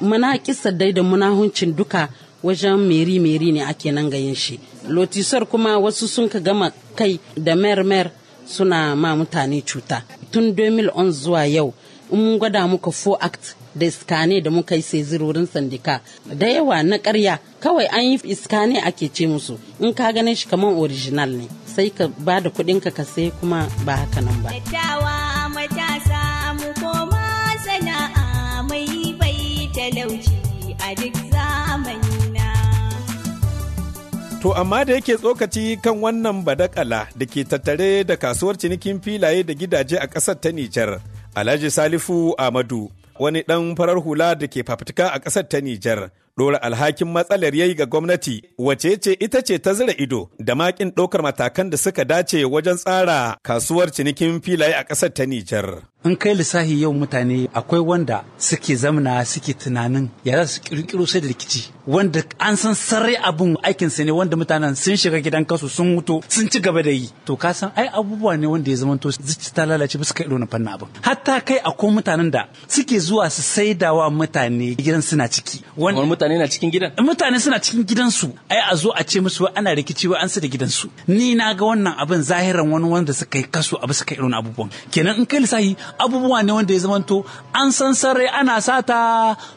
mana kisa dai da munahuncin duka wajen meri meri ne ake nan gayin shi lotisar kuma wasu sun ka gama kai da mer mer suna ma mutane cuta tun 2011 zuwa yau in mun gwada muka 4 act da iskane da muka yi sai zirorin sandika da yawa na karya kawai an yi iskane ake ce musu in ka ganin shi kamar original ne sai ka ba da kuɗin ka ka sai kuma ba haka nan ba. To amma da yake tsokaci kan wannan badakala da ke tattare da kasuwar cinikin filaye da gidaje a ƙasar ta Nijar, Alhaji Salifu ahmadu. wani ɗan farar hula da ke fafutuka a ƙasar ta Nijar Dora alhakin matsalar yayi ga gwamnati wace ce ita ce ta zira ido da makin ɗaukar matakan da suka dace wajen tsara kasuwar cinikin filaye a ƙasar ta Nijar. In kai lissahi yau mutane akwai wanda suke zamna suke tunanin ya za su kirkiro sai da rikici wanda an san sarai abin sa ne wanda mutanen sun shiga gidan kasu sun wuto sun ci gaba da yi to ka san ai abubuwa ne wanda ya zama to zuci ta lalace ba su kai na fannin abin hatta kai akwai mutanen da suke zuwa su saidawa mutane gidan suna ciki mutane na cikin gidan mutane suna cikin gidansu ai a zo a ce musu ana rikici wa an su da gidansu ni na ga wannan abin zahiran wani wanda suka yi kaso abu suka irin abubuwan kenan in kai lissafi abubuwa ne wanda ya zamanto an san sarrai ana sata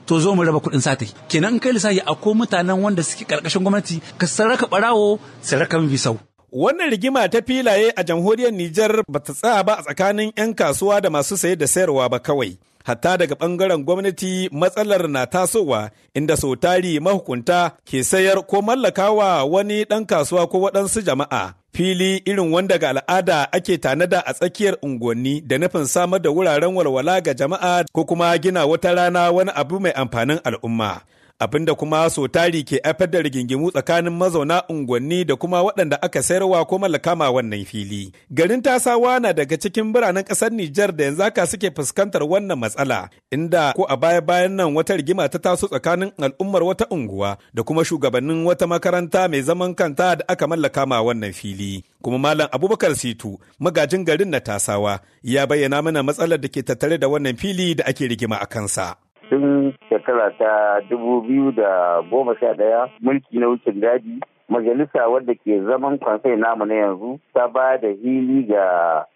to zo mu raba kuɗin sata kenan in kai lissafi akwai mutanen wanda suke karkashin gwamnati ka sarraka barawo sarraka bisau Wannan rigima ta filaye a jamhuriyar Nijar ba ta tsaya ba a tsakanin 'yan kasuwa da masu saye da sayarwa ba kawai. hatta daga ɓangaren gwamnati matsalar na tasowa inda sau tari mahukunta ke sayar ko mallakawa wani ɗan kasuwa ko waɗansu jama'a fili irin wanda ga al'ada ake tanada a tsakiyar unguwanni da nufin samar da wuraren walwala ga jama'a ko kuma gina wata rana wani abu mai amfanin al'umma abinda kuma so tari ke haifar da rigingimu tsakanin mazauna unguwanni da kuma waɗanda aka sayarwa ko mallakama wannan fili. Garin Tasawa na daga cikin biranen ƙasar Nijar da yanzu haka suke fuskantar wannan matsala, inda ko a baya-bayan nan wata rigima ta taso tsakanin al'ummar wata unguwa da kuma shugabannin wata makaranta mai zaman kanta da aka mallaka ma wannan fili. Kuma Malam Abubakar Situ, magajin garin na Tasawa, ya bayyana mana matsalar da ke tattare da wannan fili da ake rigima a kansa. tun shekara ta dubu biyu da goma sha ɗaya mulki na wucin gadi majalisa wadda ke zaman kwansai namu na yanzu ta ba da hili ga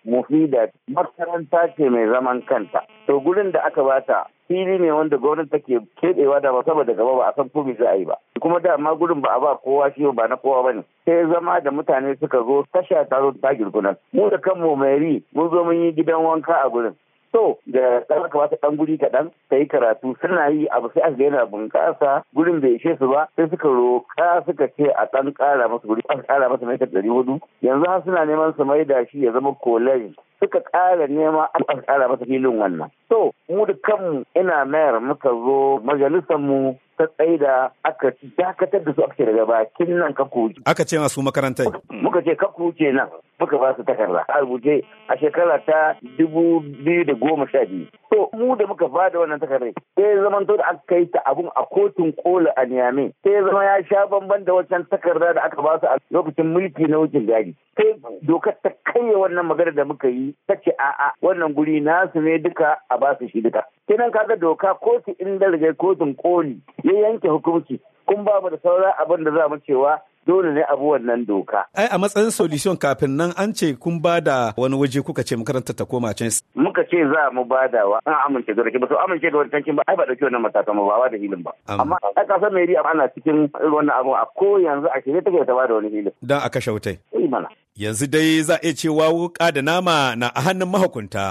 mufida makaranta ce mai zaman kanta to gurin da aka bata fili ne wanda gwamnati take keɓewa da ba saboda gaba ba a san ko za a yi ba kuma dama gurin ba a ba kowa shi ba na kowa bane sai zama da mutane suka zo tasha ta zo ta girgunan mu da kanmu mai mun zo mun yi gidan wanka a gurin so da ɗan kamata ɗan guri kaɗan ta yi karatu suna yi abu sai aka yana bunƙasa gurin bai ishe su ba sai suka roƙa suka ce a ɗan ƙara masa guri aka ƙara masa mai ɗari hudu yanzu har suna neman su maida shi ya zama kolej suka ƙara nema aka ƙara masa filin wannan so mu da kanmu ina mayar muka zo majalisar mu ta da aka dakatar da su aka ce daga bakin nan ka kuce. Aka ce masu makarantai. Muka ce ka kuce nan muka ba su takarda. A rubuce a shekara ta dubu biyu da goma sha biyu. To mu da muka ba da wannan takardar sai zaman to da aka kai ta abun a kotun kola a niyame sai zama ya sha bamban da wancan takarda da aka ba su a lokacin mulki na wucin gadi. Sai dokar ta kai wannan magana da muka yi ta ce a'a wannan guri nasu ne duka a ba su shi duka. Kenan kaga doka kotu inda rigai kotun koli ya yanke hukunci kun ba mu da sauran abin da za mu cewa dole ne abu wannan doka. Ai a matsayin solution kafin nan an ce kun ba da wani waje kuka ce makarantar ta koma can. Muka ce za mu ba da wa an amince da ba su amince da wani ba ai ba dauki wannan matakan ba ba da hilin ba. Amma a kasar mai ana cikin wannan abu a ko yanzu a shirye take ta ba da wani hilin. Dan a kashe wutai. Eh, yanzu dai za a iya cewa wuka da nama na a hannun mahukunta.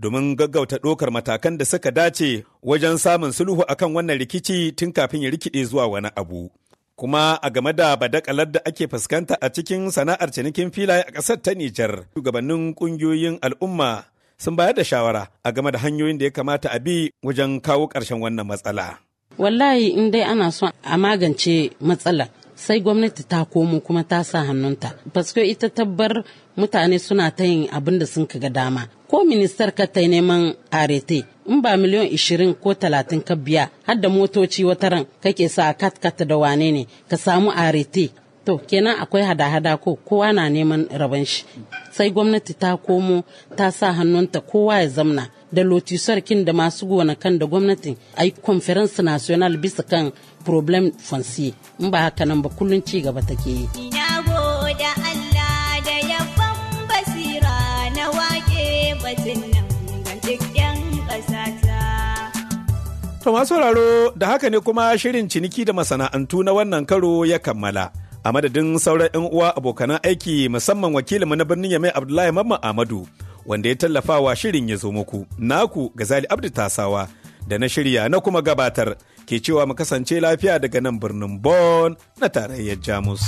domin gaggauta ɗokar matakan da suka dace wajen samun sulhu akan wannan rikici tun kafin ya rikide zuwa wani abu. Kuma a game da badakalar da ake fuskanta a cikin sana'ar cinikin filaye a ƙasar ta Nijar, shugabannin ƙungiyoyin al'umma sun bayar da shawara a game da hanyoyin da ya kamata a bi wajen kawo ƙarshen wannan matsala. Wallahi in dai ana so a magance matsala sai gwamnati ta komo kuma ta sa hannunta. Fasko ita tabbar mutane suna ta yin abin da sun ga dama ko ministar ka ta neman arete in ba miliyan ishirin ko talatin ka biya har da motoci ran kake sa a katkata da wane ne ka samu arete to kenan akwai hada-hada ko kowa na neman rabon shi sai gwamnati ta komo ta sa hannunta kowa ya zamna da lotisarkin da masu gonakan da gwamnatin a yi conference national bisa kan problem fancy in ba haka nan ba kullum ci gaba take yi. To masu sauraro da haka ne kuma shirin ciniki da masana'antu na wannan karo ya kammala. A madadin sauran 'yan uwa abokanan aiki musamman wakilinmu na birnin Yamai Abdullahi Mamman Ahmadu wanda ya tallafa wa shirin ya zo muku. Naku Gazali Abdu Tasawa da na shirya na kuma gabatar ke cewa mu kasance lafiya daga nan birnin Bon na tarayyar Jamus.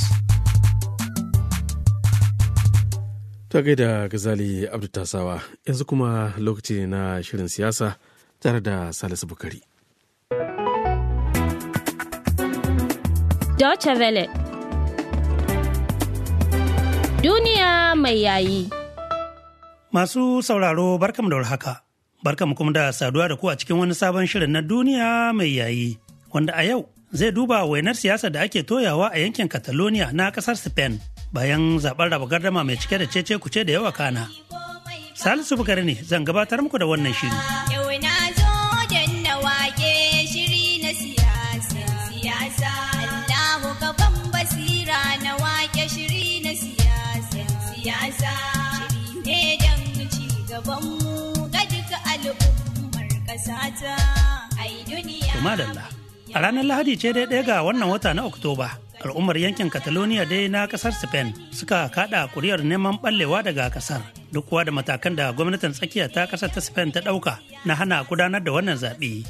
Ta gaida Gazali Abdu Tasawa yanzu kuma lokaci na shirin siyasa tare da Salisu Bukari. Deutsche Welle Duniya mai yayi Masu sauraro "Barkam da warhaka, barkam kuma da saduwa da ku a cikin wani sabon shirin na duniya mai yayi, wanda a yau zai duba wainar siyasa da ake toyawa a yankin Catalonia na kasar Spain bayan zaɓen raba gardama mai cike da cece kuce da yawa kana. Salisu Bukari ne zan gabatar muku da wannan shiri. Madalla. A ranar Lahadi ce dai ɗaya ga wannan wata na Oktoba, al'ummar yankin Catalonia dai na ƙasar Spain suka kaɗa kuriyar neman ɓallewa daga ƙasar. Duk kuwa da matakan da gwamnatin tsakiya ta ƙasar ta Spain ta ɗauka na hana gudanar da wannan zaɓe.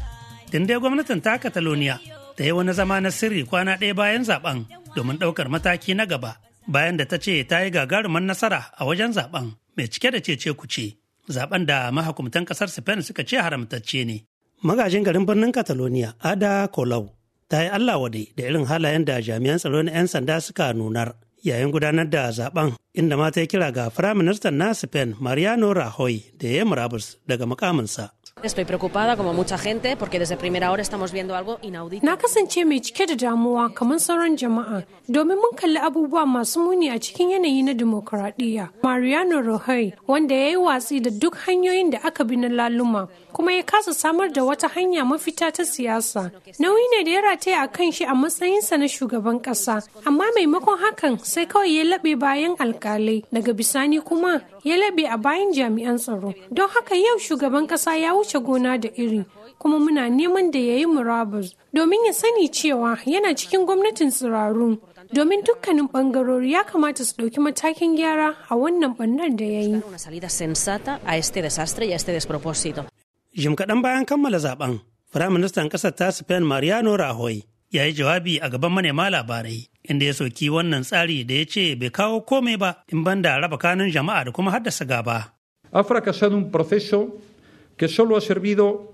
Tun dai gwamnatin ta Catalonia ta yi wani zama na sirri kwana ɗaya bayan zaɓen domin ɗaukar mataki na gaba bayan da ta ce ta yi gagarumin nasara a wajen zaɓen mai cike da cece ce? Zaɓen da mahakumtan ƙasar Spain suka ce haramtacce ne. Magajin garin birnin Catalonia, Ada Colau, ta yi Allah wade da irin halayen da jami'an tsaro na 'yan sanda suka nunar yayin gudanar da zaben inda mata ya kira ga Firaministan na Spain Mariano Rajoy da ya murabus daga mukaminsa. Estoy preocupada como mucha gente porque desde primera hora estamos viendo algo inaudito. Na kasance mai cike da damuwa kamar sauran jama'a domin mun kalli abubuwa masu muni a cikin yanayi na dimokuraɗiyya. Mariano Rajoy wanda ya yi watsi da duk hanyoyin da aka bi na laluma kuma ya kasa samar da wata hanya mafita ta siyasa. Nauyi ne da ya rataya a kan shi a matsayinsa na shugaban ƙasa amma maimakon hakan sai kawai ya laɓe bayan alƙalai daga bisani kuma ya labe a bayan jami'an tsaro don haka yau shugaban kasa ya wuce gona da iri kuma muna neman da ya yi murabus domin ya sani cewa yana cikin gwamnatin tsirarun domin dukkanin bangarori ya kamata su ɗauki matakin gyara a wannan bannar da ya yi. Jim kaɗan bayan kammala zaben, Firaministan ƙasar ta Spain Mariano Rajoy ya yi jawabi a gaban manema labarai inda ya soki wannan tsari da ya ce bai kawo komai ba in banda raba kanin jama'a da kuma haddasa gaba. Ha fracasado un proceso que solo ha servido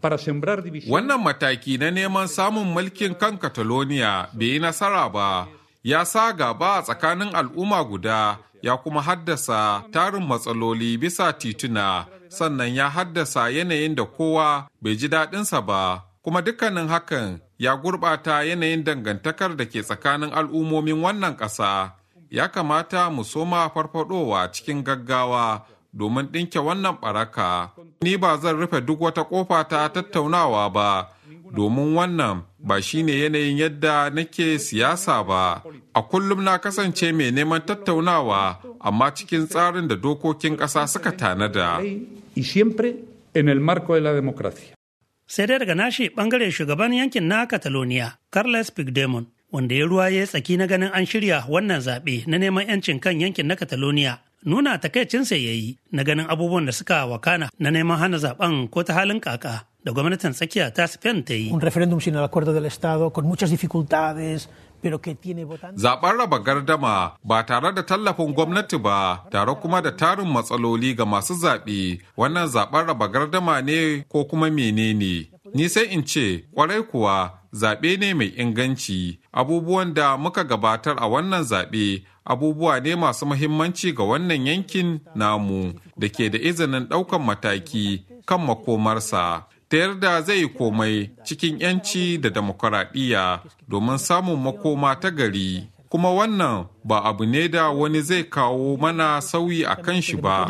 para sembrar división. Wannan mataki na neman samun mulkin kan Catalonia bai yi nasara ba, ya sa gaba a tsakanin al'umma guda ya kuma haddasa tarin matsaloli bisa tituna, sannan ya haddasa yanayin da kowa bai ji daɗinsa ba. kuma dukkanin hakan ya gurbata yanayin dangantakar da ke tsakanin al'ummomin wannan ƙasa ya kamata mu soma farfadowa cikin gaggawa domin ɗinke wannan ɓaraka ni ba zan rufe duk wata ƙofa ta tattaunawa ba domin wannan ba shine yanayin yadda nake siyasa ba a kullum na kasance mai neman tattaunawa amma cikin tsarin da dokokin ƙasa suka tanada. Y siempre sai dai daga nashi bangare shugaban yankin na catalonia carles pigdemon wanda ya ruwa ya tsaki na ganin an shirya wannan zaɓe na neman 'yancin kan yankin na catalonia nuna takaicinsa ya yi na ganin abubuwan da suka wakana na neman hana zaben ko ta halin kaka da gwamnatin tsakiya ta spain ta yi un referendum sin el acuerdo del estado con muchas dificultades Zaɓen raba gardama ba tare da tallafin gwamnati ba tare kuma da tarin matsaloli ga masu zaɓe wannan zaɓen raba gardama ne ko kuma menene. Ni sai in ce kwarai kuwa zaɓe ne mai inganci abubuwan da muka gabatar a wannan zaɓe abubuwa ne masu muhimmanci ga wannan yankin namu da ke da izinin ɗaukan mataki kan makomarsa. da yarda zai yi komai cikin 'yanci da demokuraɗiyya domin samun makoma ta gari kuma wannan ba abu ne da wani zai kawo mana sauyi a kan shi ba.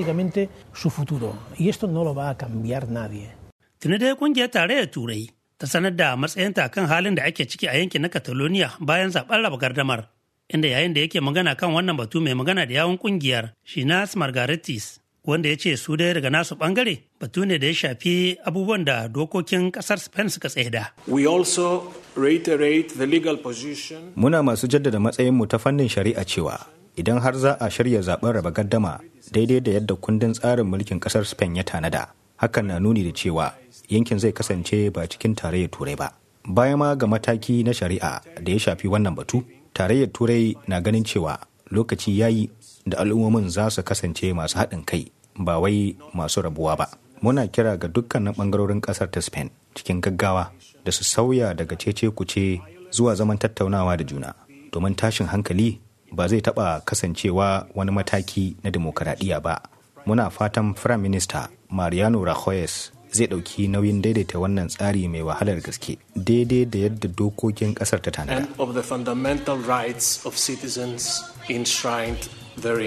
Tuni dai kungiyar tarayyar Turai ta sanar da matsayinta kan halin da ake ciki a yankin na Catalonia bayan zaben raba gardamar, inda yayin da yake magana kan wannan batu mai magana da yawun kungiyar Shinas Margaritis wanda ya ce su dai daga nasu bangare batu ne da ya shafi abubuwan da dokokin kasar Spain suka tsaida. We also reiterate the legal position. Muna masu jaddada matsayinmu ta fannin shari'a cewa idan har za a shirya zaben raba gaddama daidai da yadda kundin tsarin mulkin kasar Spain ya tanada. Hakan na nuni da cewa yankin zai kasance ba cikin tarayyar turai ba. Baya ma ga mataki na shari'a da ya shafi wannan batu, tarayyar turai na ganin cewa lokaci yayi da al'ummomin za su kasance masu haɗin kai ba wai masu rabuwa ba muna kira ga dukkanin ɓangarorin ƙasar ta spain cikin gaggawa da su sauya daga cece kuce zuwa zaman tattaunawa da juna domin tashin hankali ba zai taɓa kasancewa wani mataki na demokaradiyya ba muna fatan firayim minista mariano rajoy zai ɗauki nauyin daidaita wannan tsari mai wahalar gaske daidai da yadda dokokin ƙasar ta tanada. of the fundamental rights of citizens enshrined Kowa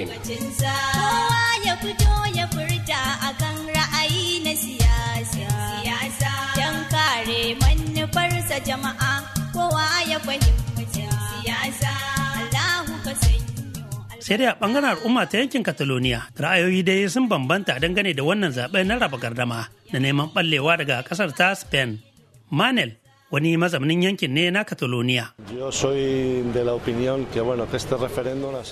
ya jama'a kowa ya sai dai a bangaren al'umma ta yankin catalonia ra'ayoyi dai sun bambanta dangane da wannan zaɓe na raba gardama na neman ɓallewa daga ƙasar ta spain manel wani mazaunin yankin ne na catalonia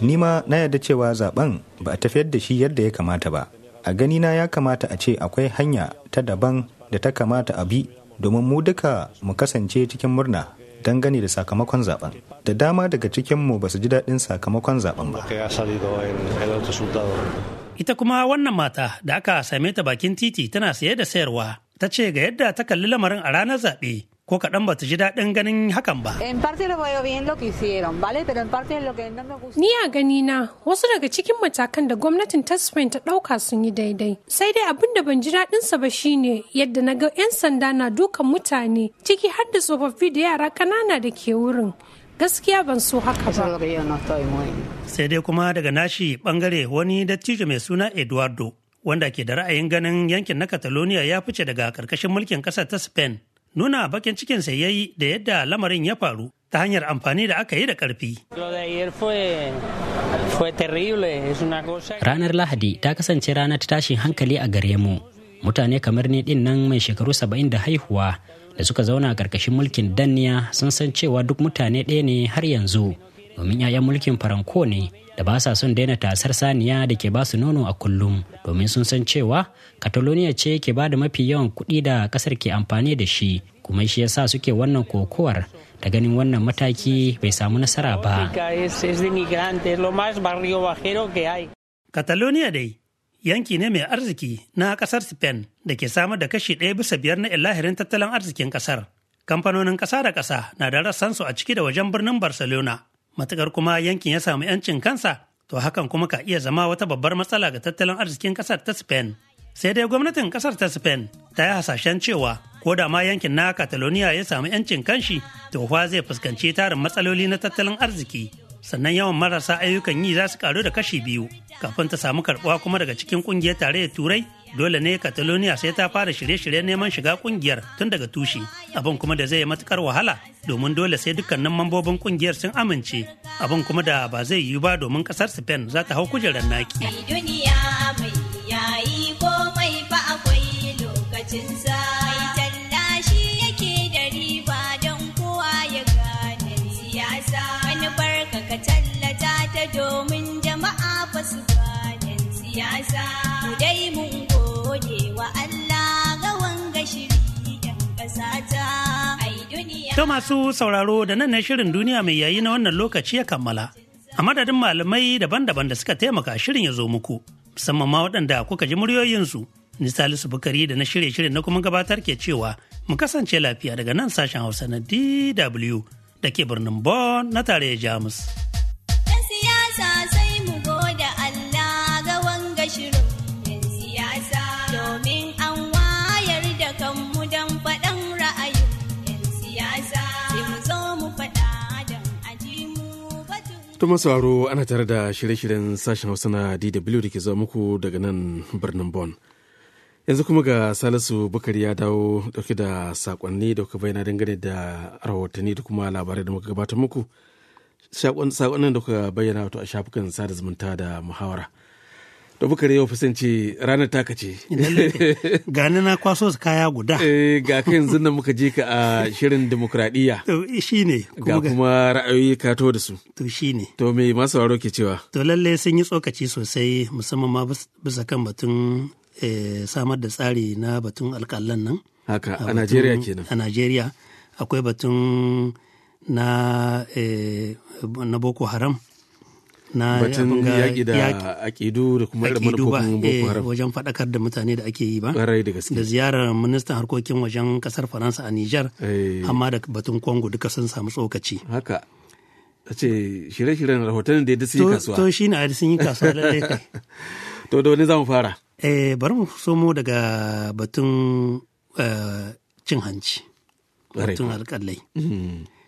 ni ma na yarda cewa zaɓen ba a tafiyar da shi yadda ya kamata ba a ganina ya kamata a ce akwai hanya ta daban da ta kamata a bi domin mu duka mu kasance cikin murna dangane da sakamakon zaben da dama daga cikinmu ba su ji daɗin sakamakon zaben ba ita kuma wannan mata da aka same ta bakin titi tana saye da sayarwa ta ce ga yadda ta kalli lamarin a ranar zaɓe ko kaɗan ba ta ji daɗin ganin hakan ba. Ni a gani na wasu daga cikin matakan da gwamnatin ta Spain ta ɗauka sun yi daidai. Sai dai abin da ban ji daɗin sa ba shine yadda na ga 'yan sanda na dukan mutane ciki har da tsofaffi da yara ƙanana da ke wurin. Gaskiya ban so haka ba. Sai dai kuma daga nashi bangare wani dattijo mai suna Eduardo wanda ke da ra'ayin ganin yankin na Catalonia ya fice daga karkashin mulkin ƙasar ta Spain. nuna bakin cikin sa yayi da yadda lamarin ya faru ta hanyar amfani da aka yi da karfi. Ranar Lahadi ta kasance ranar ta tashin hankali a gare mu. Mutane kamar ni din nan mai shekaru saba'in da haihuwa da suka zauna a ƙarƙashin mulkin danniya sun san cewa duk mutane ɗaya ne har yanzu. domin 'ya'yan mulkin faranko ne da ba sa son daina tasar saniya da ke ba su nono a kullum domin sun san cewa catalonia ce ke ba da mafi yawan kuɗi da ƙasar ke amfani da shi kuma shi yasa suke wannan kokowar ta ganin wannan mataki bai samu nasara ba catalonia dai yanki ne mai arziki na kasar Spain da ke samar da kashi ɗaya bisa biyar na ilahirin tattalin arzikin kasar. Kamfanonin kasa da kasa na da rassansu a ciki da wajen birnin Barcelona matukar kuma yankin ya samu 'yancin kansa to hakan kuma ka iya zama wata babbar matsala ga tattalin arzikin ƙasar ta Spain. Sai dai gwamnatin ƙasar ta Spain ta yi hasashen cewa ko da ma yankin na Catalonia ya samu 'yancin kanshi to fa zai fuskanci tarin matsaloli na tattalin arziki. Sannan yawan marasa ayyukan yi za su karu da kashi biyu kafin ta samu karbuwa kuma daga cikin kungiyar tarayyar Turai dole ne catalonia sai ta fara shirye-shiryen neman shiga kungiyar tun daga tushe abin kuma da zai yi matukar wahala domin dole sai dukkanin mambobin kungiyar sun amince abin kuma da ba zai yiwu ba domin kasar spain za ta hau kujerar naki domin jama'a ba su gane siyasa mu dai mu To masu sauraro da nan na shirin duniya mai yayi na wannan lokaci ya kammala. A madadin malamai daban-daban da suka taimaka shirin ya zo muku, musamman ma waɗanda kuka ji muryoyinsu. Ni Salisu Bukari da na shirye shirin na kuma gabatar ke cewa mu kasance lafiya daga nan sashen Hausa na DW da ke birnin Bonn na tare da Jamus. To masu aro ana tare da shirye-shiryen sashen Hausa na DW da ke zuwa muku daga nan birnin Bon. Yanzu kuma ga Salisu Bukari ya dawo dauke da sakonni da kuka bayyana dangane da rahotanni da kuma labarai da muka gabata muku. Sakonnin da kuka bayyana wato a shafukan sada zumunta da muhawara. da buka yau fasance ranar taka ce. <laughs> Gani na kwaso su kaya guda. Eh, ga ka yanzu nan muka je ka a shirin demokradiyya. To shi ne. Ga kuma ra'ayoyi ka to da su. To shi ne. To me masu waro ke cewa. To lalle sun yi tsokaci sosai musamman ma bisa kan batun eh, samar da tsari na batun alƙalan nan. Haka a Najeriya kenan. A Najeriya akwai batun na eh, Boko Haram. na batun yaƙi da aƙidu da kuma da manufofin boko eh, haram eh, wajen faɗakar da mutane da ake yi ba da da ziyarar ministan harkokin wajen ƙasar faransa a nijar eh. amma da batun kongo duka sun samu tsokaci haka a ce shirye-shiryen rahoton da sun yi kasuwa to shi ne a sun yi kasuwa lallai <laughs> to da wani zamu fara eh bari mu somo daga batun eh, cin hanci batun alƙalai mm.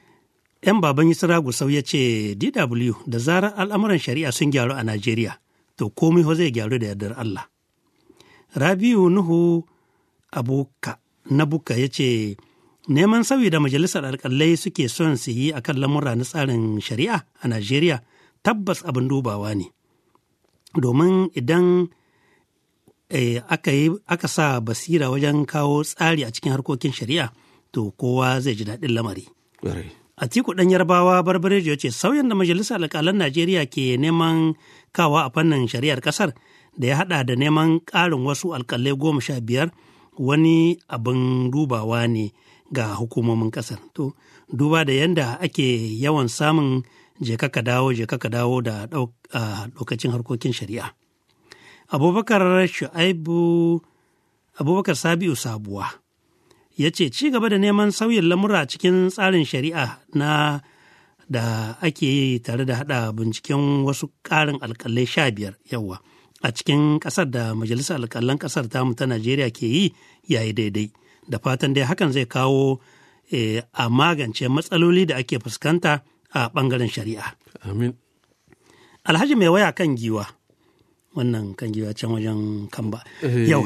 'yan baban Yusra Gusau ya ce DW da zarar al'amuran shari'a sun gyaru a Najeriya, to komai zai gyaru da yardar Allah. Rabiu Nuhu Abuka na Buka ya ce neman sauyi da majalisar alkalai suke son su yi akan lamura na tsarin shari'a a Najeriya tabbas abin dubawa ne. Domin idan eh, aka sa basira wajen kawo tsari a cikin harkokin shari'a, to kowa zai ji daɗin lamari. Atiku ɗan Yarbawa Barbarejo ce sauyin da Majalisar Alƙalan Najeriya ke neman kawa a fannin shari'ar ƙasar da ya haɗa da neman ƙarin wasu alƙalai goma sha biyar wani abin dubawa ne ga hukumomin ƙasar. To, duba da yadda ake yawan samun je ka dawo je ka dawo da lokacin harkokin shari'a. Abubakar Shu'aibu Abubakar Sabiu Sabuwa ya ce ci gaba da neman sauyin lamura cikin tsarin shari'a na da ake yi tare da hada binciken wasu ƙarin alkalai sha biyar yawa a cikin ƙasar da majalisar alkalan ƙasar tamu ta najeriya ke yi yayi daidai da fatan dai hakan zai kawo eh, a magance matsaloli da ake fuskanta a ɓangaren shari'a amin alhaji mai waya kan giwa wannan kan giwa can wajen kan ba eh, yau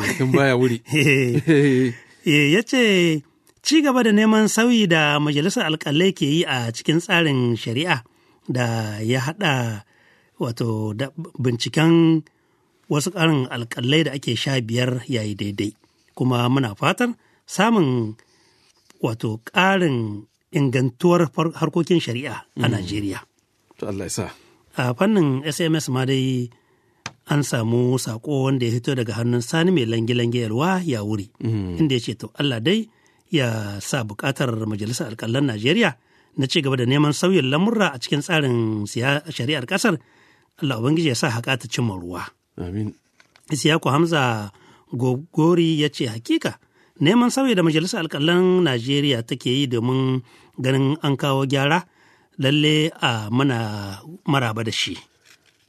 wuri <laughs> eh, Eh, ya ce ci gaba da neman sauyi da majalisar alkalai ke yi a cikin tsarin shari'a da ya haɗa wato da binciken wasu ƙarin alkalai da ake sha biyar yayi daidai kuma muna fatan samun wato ƙarin ingantuwar harkokin shari'a a mm. najeriya a fannin sms ma dai an samu sako wanda ya fito daga hannun sani mai lange-lange yalwa ya wuri mm. inda ya ce to Allah dai ya sa bukatar majalisar alkalan Najeriya na ci gaba da neman sauyin lamurra a cikin tsarin shari'ar kasar Allah ubangiji ya sa haƙa ta cimma ruwa. Amin. Isiyaku Hamza Gogori ya ce hakika neman sauyi da majalisar alkalan Najeriya take yi domin ganin an kawo gyara lalle a mana maraba da shi.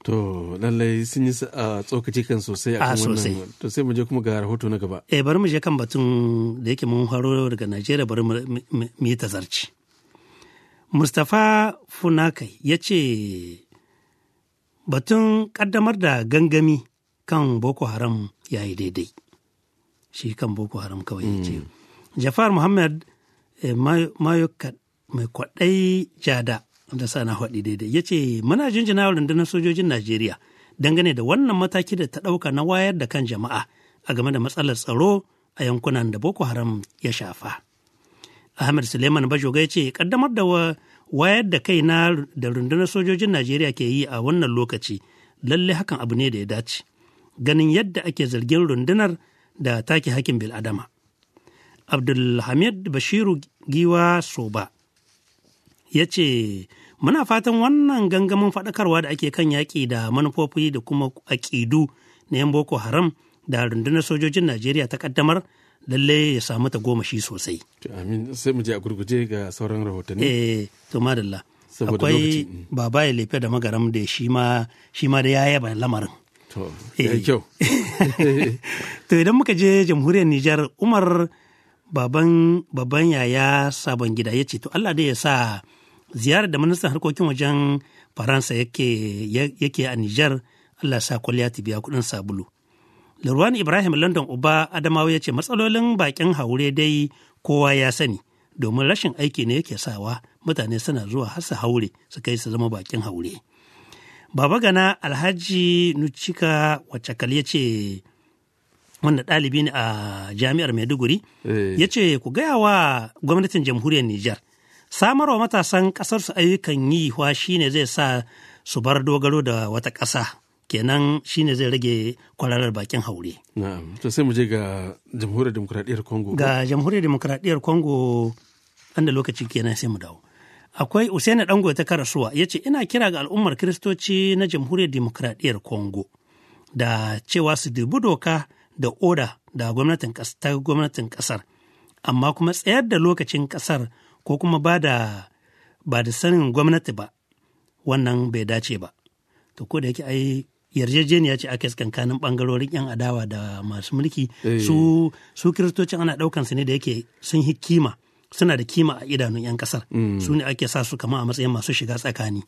To lallai sun yi a tsokaci kan sosai a ah, kan wannan to sai mu je kuma ga rahoto na gaba. Eh bari mu je kan batun da yake mun haro daga Najeriya bari mu yi tazarci. Mustapha Funakai ya ce batun kaddamar da gangami kan Boko Haram ya yi daidai. Shi kan Boko Haram kawai ya ce. Mm. Jafar Muhammad eh, Mayo mai kwaɗai jada da sana haɗi daidai ya ce muna jinjina rundunar sojojin najeriya dangane da wannan mataki da ta ɗauka na wayar da kan jama'a a game da matsalar tsaro a yankunan da boko haram ya shafa Ahmad suleiman bajoga ya ce kaddamar da wayar da kai na da rundunar sojojin najeriya ke yi a wannan lokaci lalle hakan abu ne da ya dace ganin yadda ake zargin rundunar da take hakkin bil'adama abdulhamid bashiru giwa soba ya ce muna fatan wannan gangamin faɗakarwa da ake kan yaƙi da manufofi da kuma aƙidu na 'yan boko haram da rundunar sojojin najeriya ta ƙaddamar lalle ya samu ta goma shi sosai. Amin sai mu je a gurguje ga sauran rahotanni. Eh to madalla. Akwai baba ya lefe da magaram da shi ma shi ma da ya yaba lamarin. To eh. kyau. <laughs> To idan muka je jamhuriyar Nijar Umar baban baban yaya sabon gida ya ce to Allah da ya sa ziyarar da ministan harkokin wajen faransa yake a Nijar. allah sa kwalliya ta biya kudin sabulu lurwan ibrahim london uba adamawa ya ce matsalolin bakin haure dai kowa ya sani domin rashin aiki ne yake sawa mutane suna zuwa har haure su kai su zama bakin haure baba gana alhaji nucika wacakal ya ce wanda ɗalibi ne a jami'ar maiduguri eh. ya ce ku gaya wa gwamnatin jamhuriyar Nijar. samar wa matasan ƙasarsu ayyukan yi wa shine zai sa su bar dogaro da wata ƙasa kenan shine zai rage kwararar bakin haure. Na'am, to sai mu je ga Jamhuriyar demokuraɗiyar Congo. Ga Jamhuriyar Demokuraɗiyyar Congo da lokaci kenan sai mu dawo. Akwai Usaini Dango ta karasuwa ya ce ina kira ga al'ummar Kiristoci na Jamhuriyar demokuraɗiyar Congo da cewa su dubi doka da oda da gwamnatin ta gwamnatin ƙasar amma kuma tsayar da lokacin ƙasar ko kuma ba da ba da sanin gwamnati ba wannan bai dace ba to ko da yake ai yarjejeniya ce aka kankanin bangarorin yan adawa da masu mulki eh. su su kiristocin ana daukan su ne da yake sun hi suna da kima a idanun yan kasar mm. su ne ake sa su kama a matsayin masu shiga tsakani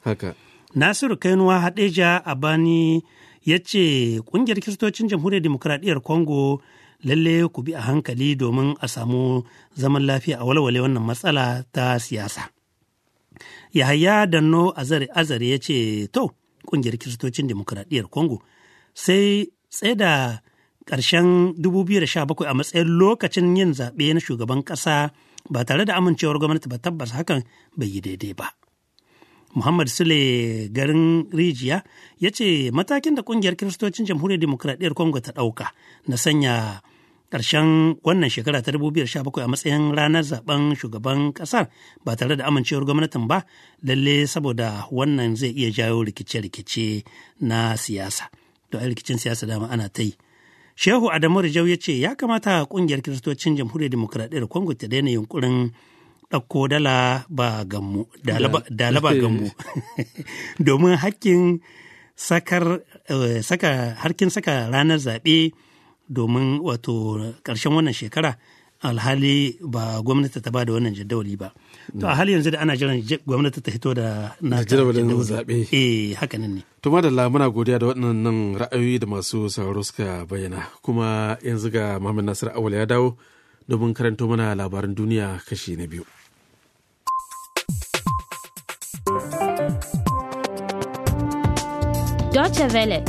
nasiru kainuwa hadeja abani ya ce kungiyar kiristocin jamhuriyar demokradiyyar congo lalle ku bi a hankali domin a samu zaman lafiya a walwale wannan matsala ta siyasa. Yahaya Danno Azare Azare ya ce, To, ƙungiyar Kiristocin Demokuraɗiyyar Congo sai tsaye da ƙarshen 2017 a matsayin lokacin yin zaɓe na shugaban ƙasa ba tare da amincewar gwamnati ba tabbas hakan bai yi daidai ba. Muhammad Sule garin Rijiya ya ce matakin da kungiyar Kiristocin Jamhuriyar Demokuraɗiyyar Congo ta ɗauka na sanya ƙarshen wannan shekara ta 2017 a matsayin ranar zaben shugaban ƙasar ba tare da amincewar gwamnatin ba lalle saboda wannan zai iya jawo rikice-rikice na siyasa. To a rikicin siyasa dama ana ta yi. Shehu Adamu Rijau ya ce ya kamata ƙungiyar Kiristocin Jamhuriyar Demokuraɗiyyar Congo ta daina yunkurin ɗauko dala ba gammu, dala ba gammu. <laughs> <laughs> Domin hakkin sakar, eh, saka, harkin saka ranar zaɓe domin wato ƙarshen wannan shekara alhali ba gwamnati ta ba da wannan jadawali ba. To a hali yanzu da ana jiran gwamnati ta hito da na jadawalin zaɓe. Eh nan ne. To madalla muna godiya da waɗannan ra'ayoyi da masu sauraro suka bayyana kuma yanzu ga Muhammad Nasir Awal ya dawo domin karanto mana labaran duniya kashi na biyu. Deutsche Welle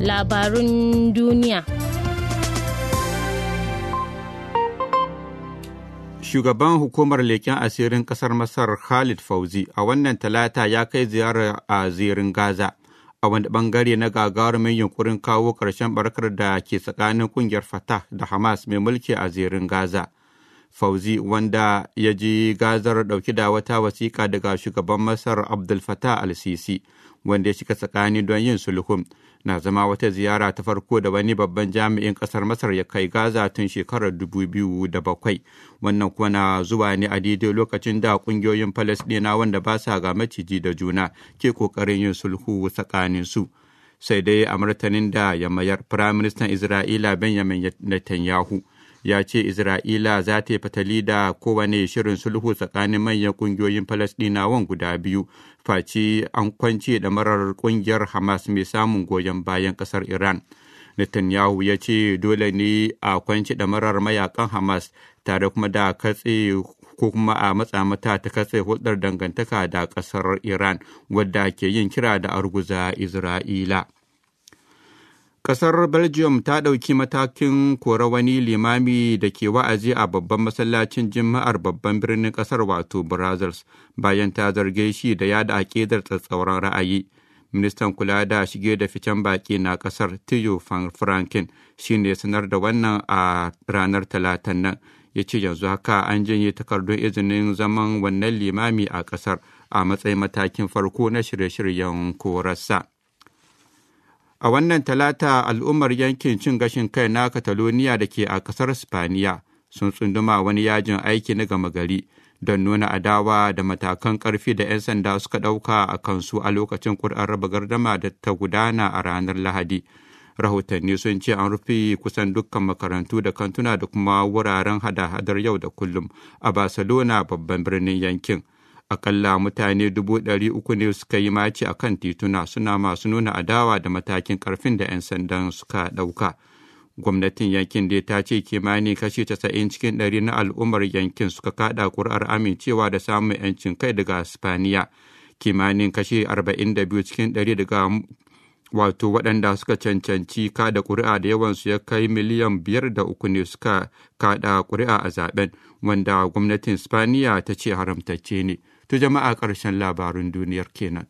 Labarun duniya Shugaban hukumar leken asirin ƙasar Masar Khalid Fauzi a wannan talata ya kai ziyara a zirin Gaza a wani ɓangare na gagarumin yunkurin kawo ƙarshen barkar da ke tsakanin ƙungiyar Fatah da Hamas mai mulki a zirin Gaza. Fauzi wanda ya ji gazar ɗauki da wata wasiƙa daga shugaban Masar Abdul fatah al-Sisi wanda ya shiga tsakani don yin sulhun na zama wata ziyara ta farko da wani babban jami'in kasar masar ya kai gaza tun shekarar 2007 wannan kuwa na zuwa ne a daidai lokacin da kungiyoyin falasdina wanda ba sa ga maciji da juna ke kokarin yin sulhu tsakanin su sai dai a martanin da ya mayar firaministan isra'ila benjamin netanyahu ya ce Isra'ila za ta yi fatali da kowane shirin sulhu tsakanin manyan ƙungiyoyin Falasɗinawan guda biyu, faci an kwance da marar ƙungiyar Hamas mai samun goyon bayan ƙasar Iran. Netanyahu ya ce dole ne a kwanci marar mayakan Hamas tare kuma da katse ko kuma a matsa mata ta katse hulɗar dangantaka da ƙasar Iran wadda ke yin kira da arguza Isra'ila. Ƙasar Belgium ta ɗauki matakin kora wani limami da ke wa'azi a babban masallacin Jima'ar babban birnin ƙasar wato Brazils bayan ta zarge shi da yada aƙidar tsatsauran ra'ayi. Ministan kula da shige da ficen baƙi na ƙasar Tiyo van shi ne sanar da wannan a ranar talatan nan. Ya ce yanzu haka an janye takardun izinin zaman wannan limami a ƙasar a matsayin matakin farko na shirye-shiryen korarsa. A wannan talata al'ummar yankin cin gashin kai na Kataloniya da ke a ƙasar Spaniya sun tsunduma wani yajin aiki na gama gari don nuna adawa da matakan ƙarfi da 'yan sanda suka ɗauka a kansu a lokacin ƙuri'ar raba gardama da ta gudana a ranar Lahadi. Rahotanni sun ce an rufe kusan dukkan makarantu da kantuna da kuma wuraren hada-hadar yau da kullum a Barcelona babban birnin yankin. akalla mutane dubu ɗari uku ne suka yi mace a kan tituna suna masu nuna adawa da matakin ƙarfin da 'yan sandan suka ɗauka. Gwamnatin yankin dai ta ce kimani kashi casa'in cikin ɗari na al'ummar yankin suka kaɗa ƙuri'ar amincewa da samun 'yancin kai daga Spaniya. Kimanin kashi arba'in cikin ɗari daga wato waɗanda suka cancanci kada ƙuri'a da yawansu ya kai miliyan biyar da uku ne suka kaɗa ƙuri'a a zaben wanda gwamnatin spaniya ta ce haramtacce ne. ta jama'a ƙarshen labarin duniyar kenan.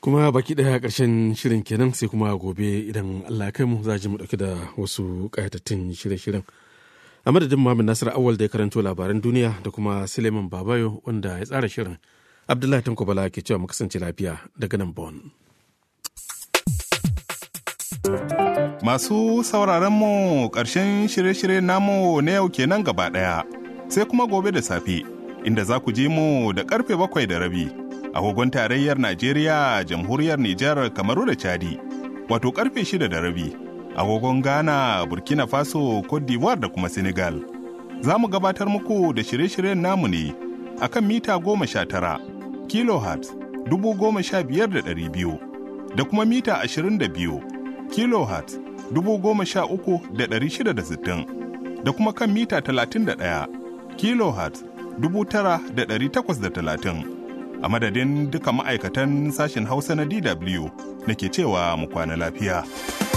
Kuma baki ɗaya ƙarshen shirin kenan sai kuma gobe idan Allah kai mu za ji mu ɗauki da wasu ƙayatattun shirye-shiryen. A madadin Muhammad Nasir Awal da ya karanto labaran duniya da kuma Suleiman Babayo wanda ya tsara shirin. Abdullahi Tanko Bala ke cewa mu kasance lafiya daga nan Bon. Masu sauraron mu ƙarshen shirye-shirye namu na yau kenan gaba ɗaya, sai kuma gobe da safe. inda za ku ji mu da karfe bakwai da rabi agogon tarayyar Najeriya, jamhuriyar Nijar, Kamaru da Chadi, wato karfe shida da rabi agogon Ghana, Burkina Faso, Cote d'Ivoire da kuma Senegal. Za mu gabatar muku da shirye-shiryen namu ne a kan mita goma sha tara, kilohertz dubu goma sha biyar da ɗari biyu, da kuma mita ashirin da biyu, kilohertz dubu goma sha uku da ɗari shida da sittin, da kuma kan mita talatin da ɗaya, kilohertz 9,830 a madadin duka ma'aikatan sashen hausa na dw nake cewa mu kwana lafiya.